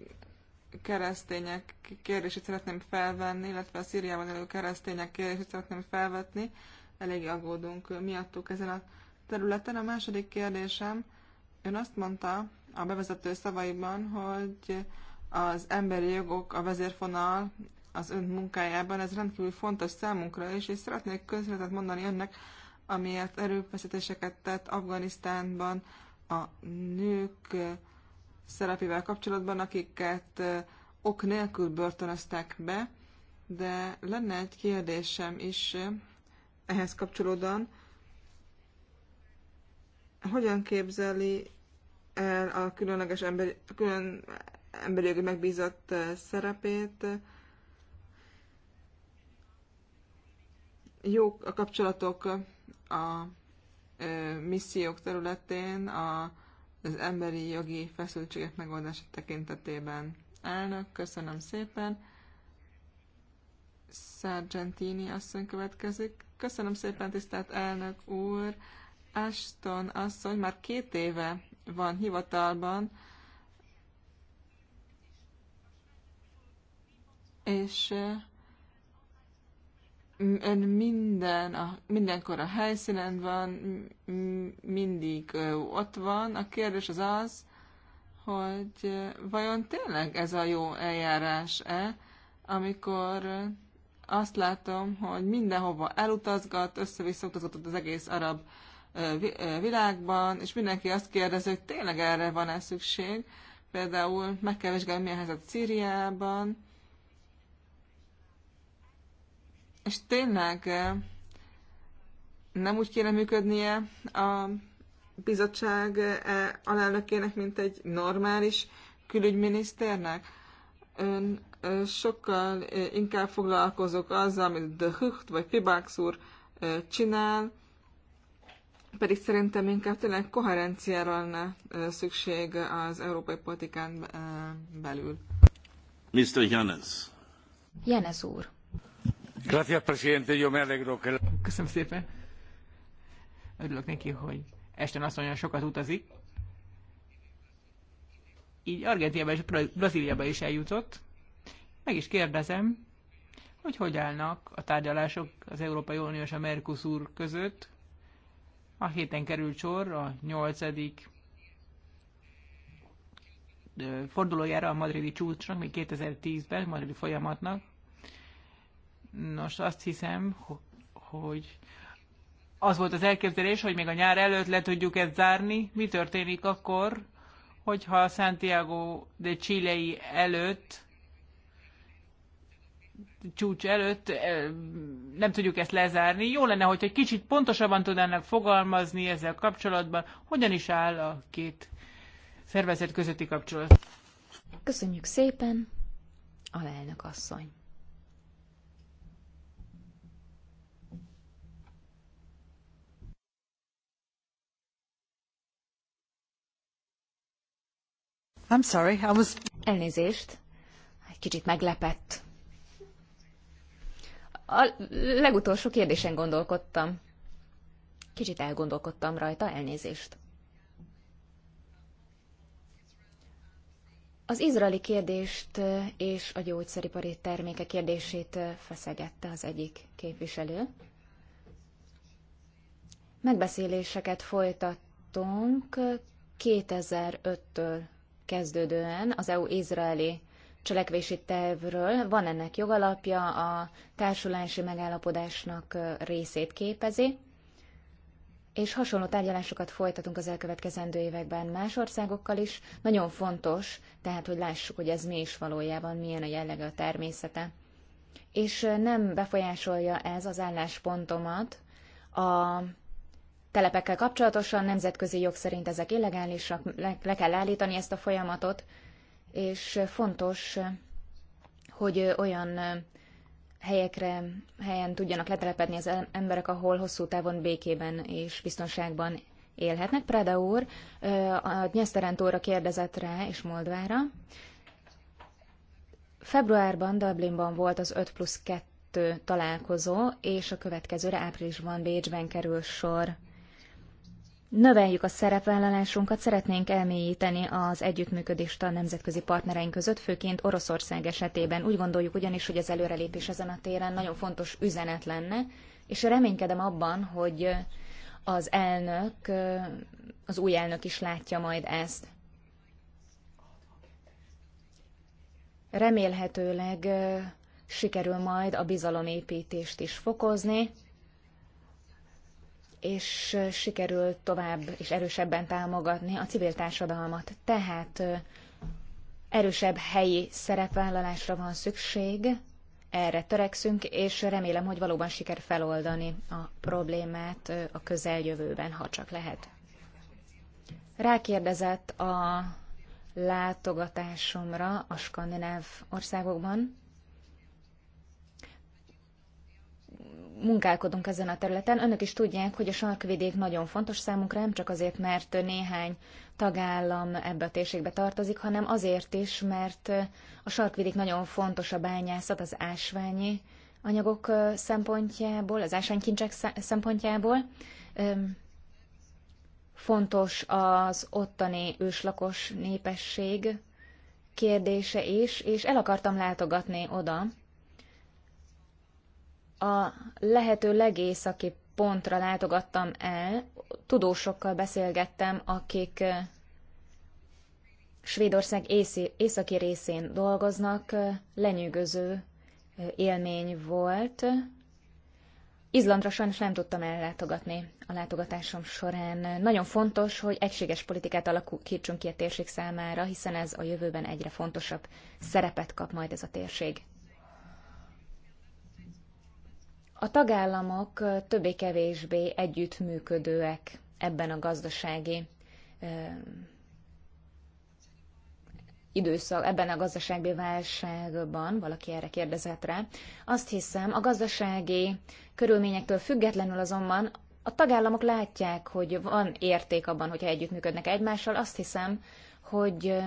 keresztények kérdését szeretném felvenni, illetve a Szíriában élő keresztények kérdését szeretném felvetni. Elég aggódunk miattuk ezen a területen. A második kérdésem, ön azt mondta a bevezető szavaiban, hogy az emberi jogok, a vezérfonal az ön munkájában, ez rendkívül fontos számunkra is, és szeretnék közvetet mondani önnek, amiért erőfeszítéseket tett Afganisztánban a nők szerepével kapcsolatban, akiket ok nélkül börtönöztek be, de lenne egy kérdésem is ehhez kapcsolódóan. Hogyan képzeli el a különleges emberi, külön emberi jogi megbízott szerepét? Jó a kapcsolatok a missziók területén a, az emberi jogi feszültségek megoldása tekintetében. Elnök, köszönöm szépen. Sargentini asszony következik. Köszönöm szépen, tisztelt elnök úr. Ashton asszony már két éve van hivatalban, és ön minden, a, mindenkor a helyszínen van, mindig ott van. A kérdés az az, hogy vajon tényleg ez a jó eljárás-e, amikor azt látom, hogy mindenhova elutazgat, össze-vissza az egész arab világban, és mindenki azt kérdezi, hogy tényleg erre van-e szükség. Például meg kell vizsgálni, milyen helyzet Szíriában, És tényleg eh, nem úgy kéne működnie a bizottság eh, alelnökének, mint egy normális külügyminiszternek? Ön eh, sokkal inkább foglalkozok azzal, amit The Hucht vagy Pibax úr csinál, pedig szerintem inkább tényleg koherenciára lenne szükség az európai politikán belül. Mr. Janes. Janes úr. Köszönöm szépen. Örülök neki, hogy Este azt mondja, sokat utazik. Így Argentinába és Brazíliába is eljutott. Meg is kérdezem, hogy hogy állnak a tárgyalások az Európai Unió és a Mercosur között. A héten került sor a nyolcadik fordulójára a madridi csúcsnak, még 2010-ben, madridi folyamatnak. Nos, azt hiszem, hogy az volt az elképzelés, hogy még a nyár előtt le tudjuk ezt zárni. Mi történik akkor, hogyha Santiago de Chilei előtt, csúcs előtt eh, nem tudjuk ezt lezárni. Jó lenne, hogy egy kicsit pontosabban tudnának fogalmazni ezzel kapcsolatban, hogyan is áll a két szervezet közötti kapcsolat. Köszönjük szépen, alelnök asszony! I'm sorry, I was... Elnézést. Egy kicsit meglepett. A legutolsó kérdésen gondolkodtam. Kicsit elgondolkodtam rajta, elnézést. Az izraeli kérdést eh, és a gyógyszeripari terméke kérdését eh, feszegette az egyik képviselő. Megbeszéléseket folytattunk 2005-től eh, kezdődően az EU-izraeli cselekvési tervről. Van ennek jogalapja, a társulási megállapodásnak részét képezi, és hasonló tárgyalásokat folytatunk az elkövetkezendő években más országokkal is. Nagyon fontos, tehát, hogy lássuk, hogy ez mi is valójában, milyen a jellege a természete. És nem befolyásolja ez az álláspontomat a telepekkel kapcsolatosan, nemzetközi jog szerint ezek illegálisak, le, le kell állítani ezt a folyamatot, és fontos, hogy olyan helyekre, helyen tudjanak letelepedni az emberek, ahol hosszú távon békében és biztonságban élhetnek. Prada úr a Nyeszterentóra kérdezett rá, és Moldvára. Februárban Dublinban volt az 5 plusz 2 találkozó, és a következőre áprilisban Bécsben kerül sor növeljük a szerepvállalásunkat, szeretnénk elmélyíteni az együttműködést a nemzetközi partnereink között, főként Oroszország esetében. Úgy gondoljuk ugyanis, hogy az előrelépés ezen a téren nagyon fontos üzenet lenne, és reménykedem abban, hogy az elnök, az új elnök is látja majd ezt. Remélhetőleg sikerül majd a bizalomépítést is fokozni, és sikerül tovább és erősebben támogatni a civil társadalmat. Tehát erősebb helyi szerepvállalásra van szükség, erre törekszünk, és remélem, hogy valóban siker feloldani a problémát a közeljövőben, ha csak lehet. Rákérdezett a látogatásomra a skandináv országokban. munkálkodunk ezen a területen. Önök is tudják, hogy a sarkvidék nagyon fontos számunkra, nem csak azért, mert néhány tagállam ebbe a térségbe tartozik, hanem azért is, mert a sarkvidék nagyon fontos a bányászat, az ásványi anyagok szempontjából, az ásványkincsek szempontjából. Fontos az ottani őslakos népesség kérdése is, és el akartam látogatni oda, a lehető legészaki pontra látogattam el, tudósokkal beszélgettem, akik Svédország észi, északi részén dolgoznak, lenyűgöző élmény volt. Izlandra sajnos nem tudtam ellátogatni a látogatásom során. Nagyon fontos, hogy egységes politikát alakítsunk ki a térség számára, hiszen ez a jövőben egyre fontosabb szerepet kap majd ez a térség. A tagállamok többé-kevésbé együttműködőek ebben a gazdasági időszak, ebben a gazdasági válságban, valaki erre kérdezett rá, azt hiszem, a gazdasági körülményektől függetlenül azonban a tagállamok látják, hogy van érték abban, hogyha együttműködnek egymással, azt hiszem, hogy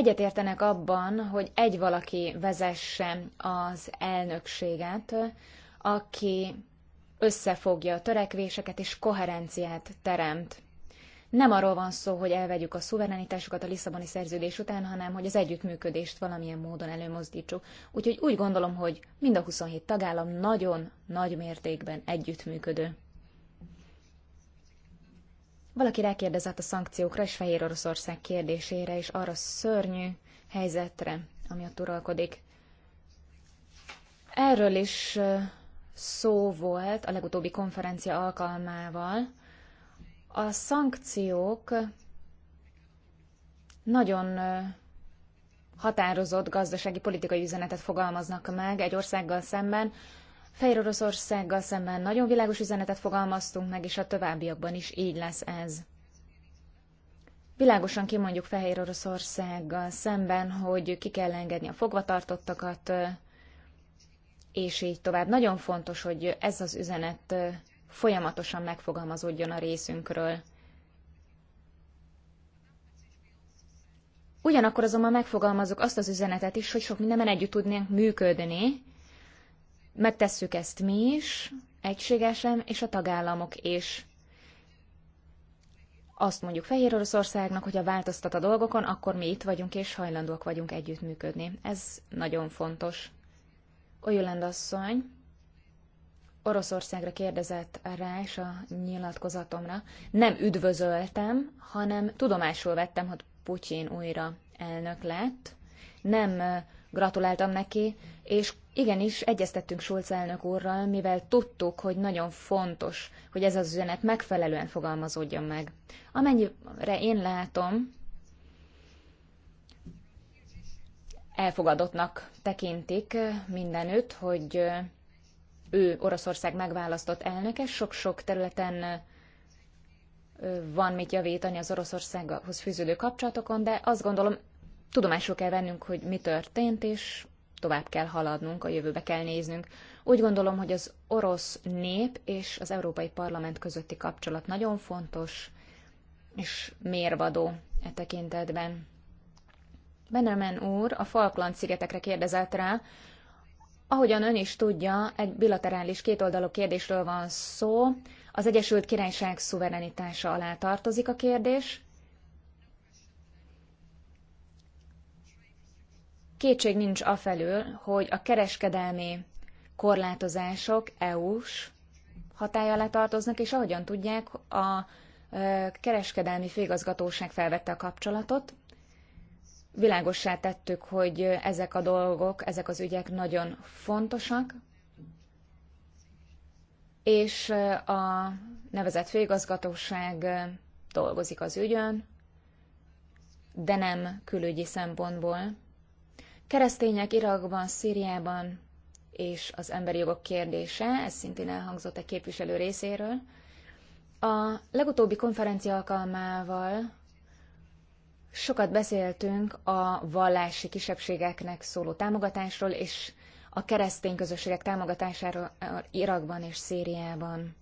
egyetértenek abban, hogy egy valaki vezesse az elnökséget, aki összefogja a törekvéseket és koherenciát teremt. Nem arról van szó, hogy elvegyük a szuverenitásokat a Lisszaboni szerződés után, hanem hogy az együttműködést valamilyen módon előmozdítsuk. Úgyhogy úgy gondolom, hogy mind a 27 tagállam nagyon nagy mértékben együttműködő. Valaki rákérdezett a szankciókra és Fehér Oroszország kérdésére, és arra szörnyű helyzetre, ami ott uralkodik. Erről is szó volt a legutóbbi konferencia alkalmával. A szankciók nagyon határozott gazdasági politikai üzenetet fogalmaznak meg egy országgal szemben, Fehér Oroszországgal szemben nagyon világos üzenetet fogalmaztunk meg, és a továbbiakban is így lesz ez. Világosan kimondjuk Fehér Oroszországgal szemben, hogy ki kell engedni a fogvatartottakat, és így tovább. Nagyon fontos, hogy ez az üzenet folyamatosan megfogalmazódjon a részünkről. Ugyanakkor azonban megfogalmazok azt az üzenetet is, hogy sok mindenben együtt tudnánk működni, Megtesszük ezt mi is, egységesen, és a tagállamok is. Azt mondjuk Fehér Oroszországnak, hogy ha változtat a dolgokon, akkor mi itt vagyunk és hajlandóak vagyunk együttműködni. Ez nagyon fontos. Olyulend asszony Oroszországra kérdezett rá és a nyilatkozatomra. Nem üdvözöltem, hanem tudomásul vettem, hogy Putyin újra elnök lett. Nem gratuláltam neki, és igenis egyeztettünk Schulz elnök úrral, mivel tudtuk, hogy nagyon fontos, hogy ez az üzenet megfelelően fogalmazódjon meg. Amennyire én látom, elfogadottnak tekintik mindenütt, hogy ő Oroszország megválasztott elnöke, sok-sok területen van mit javítani az Oroszországhoz fűződő kapcsolatokon, de azt gondolom tudomásul kell vennünk, hogy mi történt, és tovább kell haladnunk, a jövőbe kell néznünk. Úgy gondolom, hogy az orosz nép és az Európai Parlament közötti kapcsolat nagyon fontos és mérvadó e tekintetben. Benemen úr a Falkland-szigetekre kérdezett rá. Ahogyan ön is tudja, egy bilaterális kétoldalú kérdésről van szó. Az Egyesült Királyság szuverenitása alá tartozik a kérdés, Kétség nincs afelől, hogy a kereskedelmi korlátozások EU-s hatály alá tartoznak, és ahogyan tudják, a kereskedelmi főigazgatóság felvette a kapcsolatot. Világossá tettük, hogy ezek a dolgok, ezek az ügyek nagyon fontosak, és a nevezett főigazgatóság dolgozik az ügyön, de nem külügyi szempontból, Keresztények Irakban, Szíriában és az emberi jogok kérdése, ez szintén elhangzott egy képviselő részéről. A legutóbbi konferencia alkalmával sokat beszéltünk a vallási kisebbségeknek szóló támogatásról és a keresztény közösségek támogatásáról Irakban és Szíriában.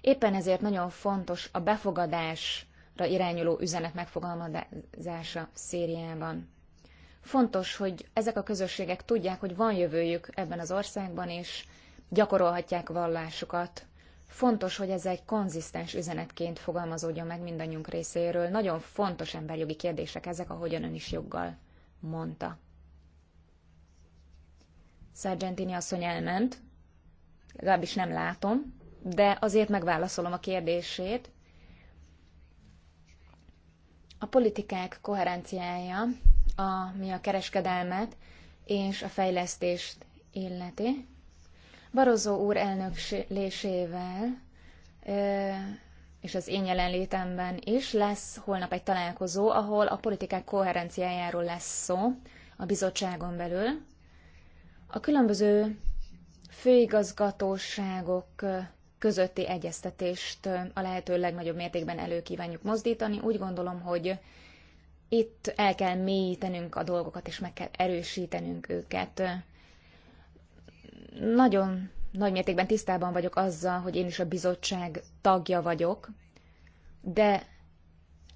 Éppen ezért nagyon fontos a befogadásra irányuló üzenet megfogalmazása Szíriában. Fontos, hogy ezek a közösségek tudják, hogy van jövőjük ebben az országban, és gyakorolhatják vallásukat. Fontos, hogy ez egy konzisztens üzenetként fogalmazódjon meg mindannyiunk részéről. Nagyon fontos emberjogi kérdések ezek, ahogyan ön is joggal mondta. Sargentini asszony elment, legalábbis nem látom, de azért megválaszolom a kérdését. A politikák koherenciája ami a kereskedelmet és a fejlesztést illeti. Barozó úr elnöklésével és az én jelenlétemben is lesz holnap egy találkozó, ahol a politikák koherenciájáról lesz szó a bizottságon belül. A különböző főigazgatóságok közötti egyeztetést a lehető legnagyobb mértékben elő kívánjuk mozdítani. Úgy gondolom, hogy itt el kell mélyítenünk a dolgokat, és meg kell erősítenünk őket. Nagyon nagy mértékben tisztában vagyok azzal, hogy én is a bizottság tagja vagyok, de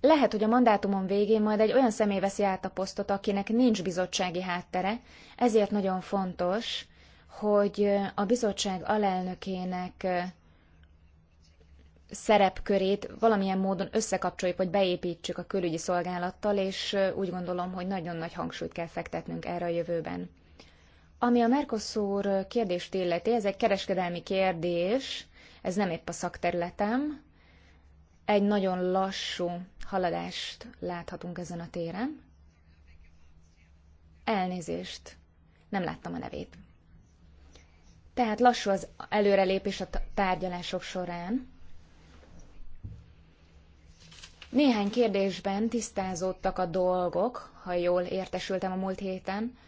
lehet, hogy a mandátumon végén majd egy olyan személy veszi át a posztot, akinek nincs bizottsági háttere, ezért nagyon fontos, hogy a bizottság alelnökének szerepkörét valamilyen módon összekapcsoljuk, vagy beépítsük a külügyi szolgálattal, és úgy gondolom, hogy nagyon nagy hangsúlyt kell fektetnünk erre a jövőben. Ami a Mercosur kérdést illeti, ez egy kereskedelmi kérdés, ez nem épp a szakterületem. Egy nagyon lassú haladást láthatunk ezen a téren. Elnézést, nem láttam a nevét. Tehát lassú az előrelépés a tárgyalások során. Néhány kérdésben tisztázódtak a dolgok, ha jól értesültem a múlt héten.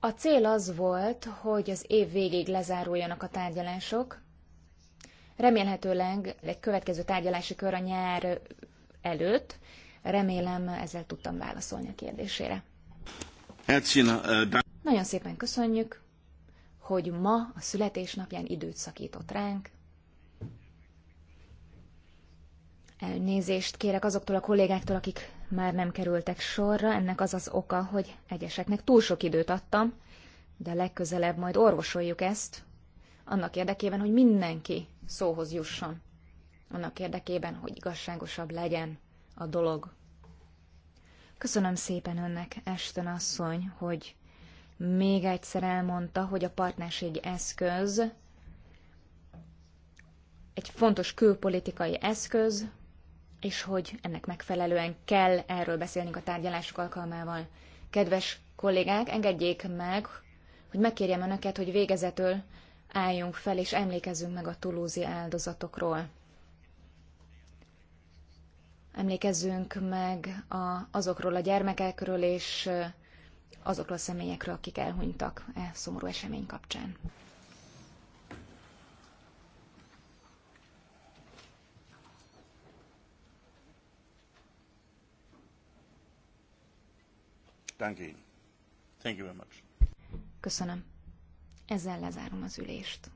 A cél az volt, hogy az év végéig lezáruljanak a tárgyalások. Remélhetőleg egy következő tárgyalási kör a nyár előtt. Remélem ezzel tudtam válaszolni a kérdésére. Hát, Nagyon szépen köszönjük, hogy ma a születésnapján időt szakított ránk. Elnézést kérek azoktól a kollégáktól, akik már nem kerültek sorra. Ennek az az oka, hogy egyeseknek túl sok időt adtam, de legközelebb majd orvosoljuk ezt, annak érdekében, hogy mindenki szóhoz jusson. Annak érdekében, hogy igazságosabb legyen a dolog. Köszönöm szépen önnek, Esten asszony, hogy még egyszer elmondta, hogy a partnerségi eszköz egy fontos külpolitikai eszköz, és hogy ennek megfelelően kell erről beszélnünk a tárgyalások alkalmával. Kedves kollégák, engedjék meg, hogy megkérjem önöket, hogy végezetül álljunk fel és emlékezzünk meg a tulúzi áldozatokról. Emlékezzünk meg a, azokról a gyermekekről és azokról a személyekről, akik elhunytak e szomorú esemény kapcsán. Danke Ihnen. Thank you very much. Köszönöm. Ezzel lezárom az ülést.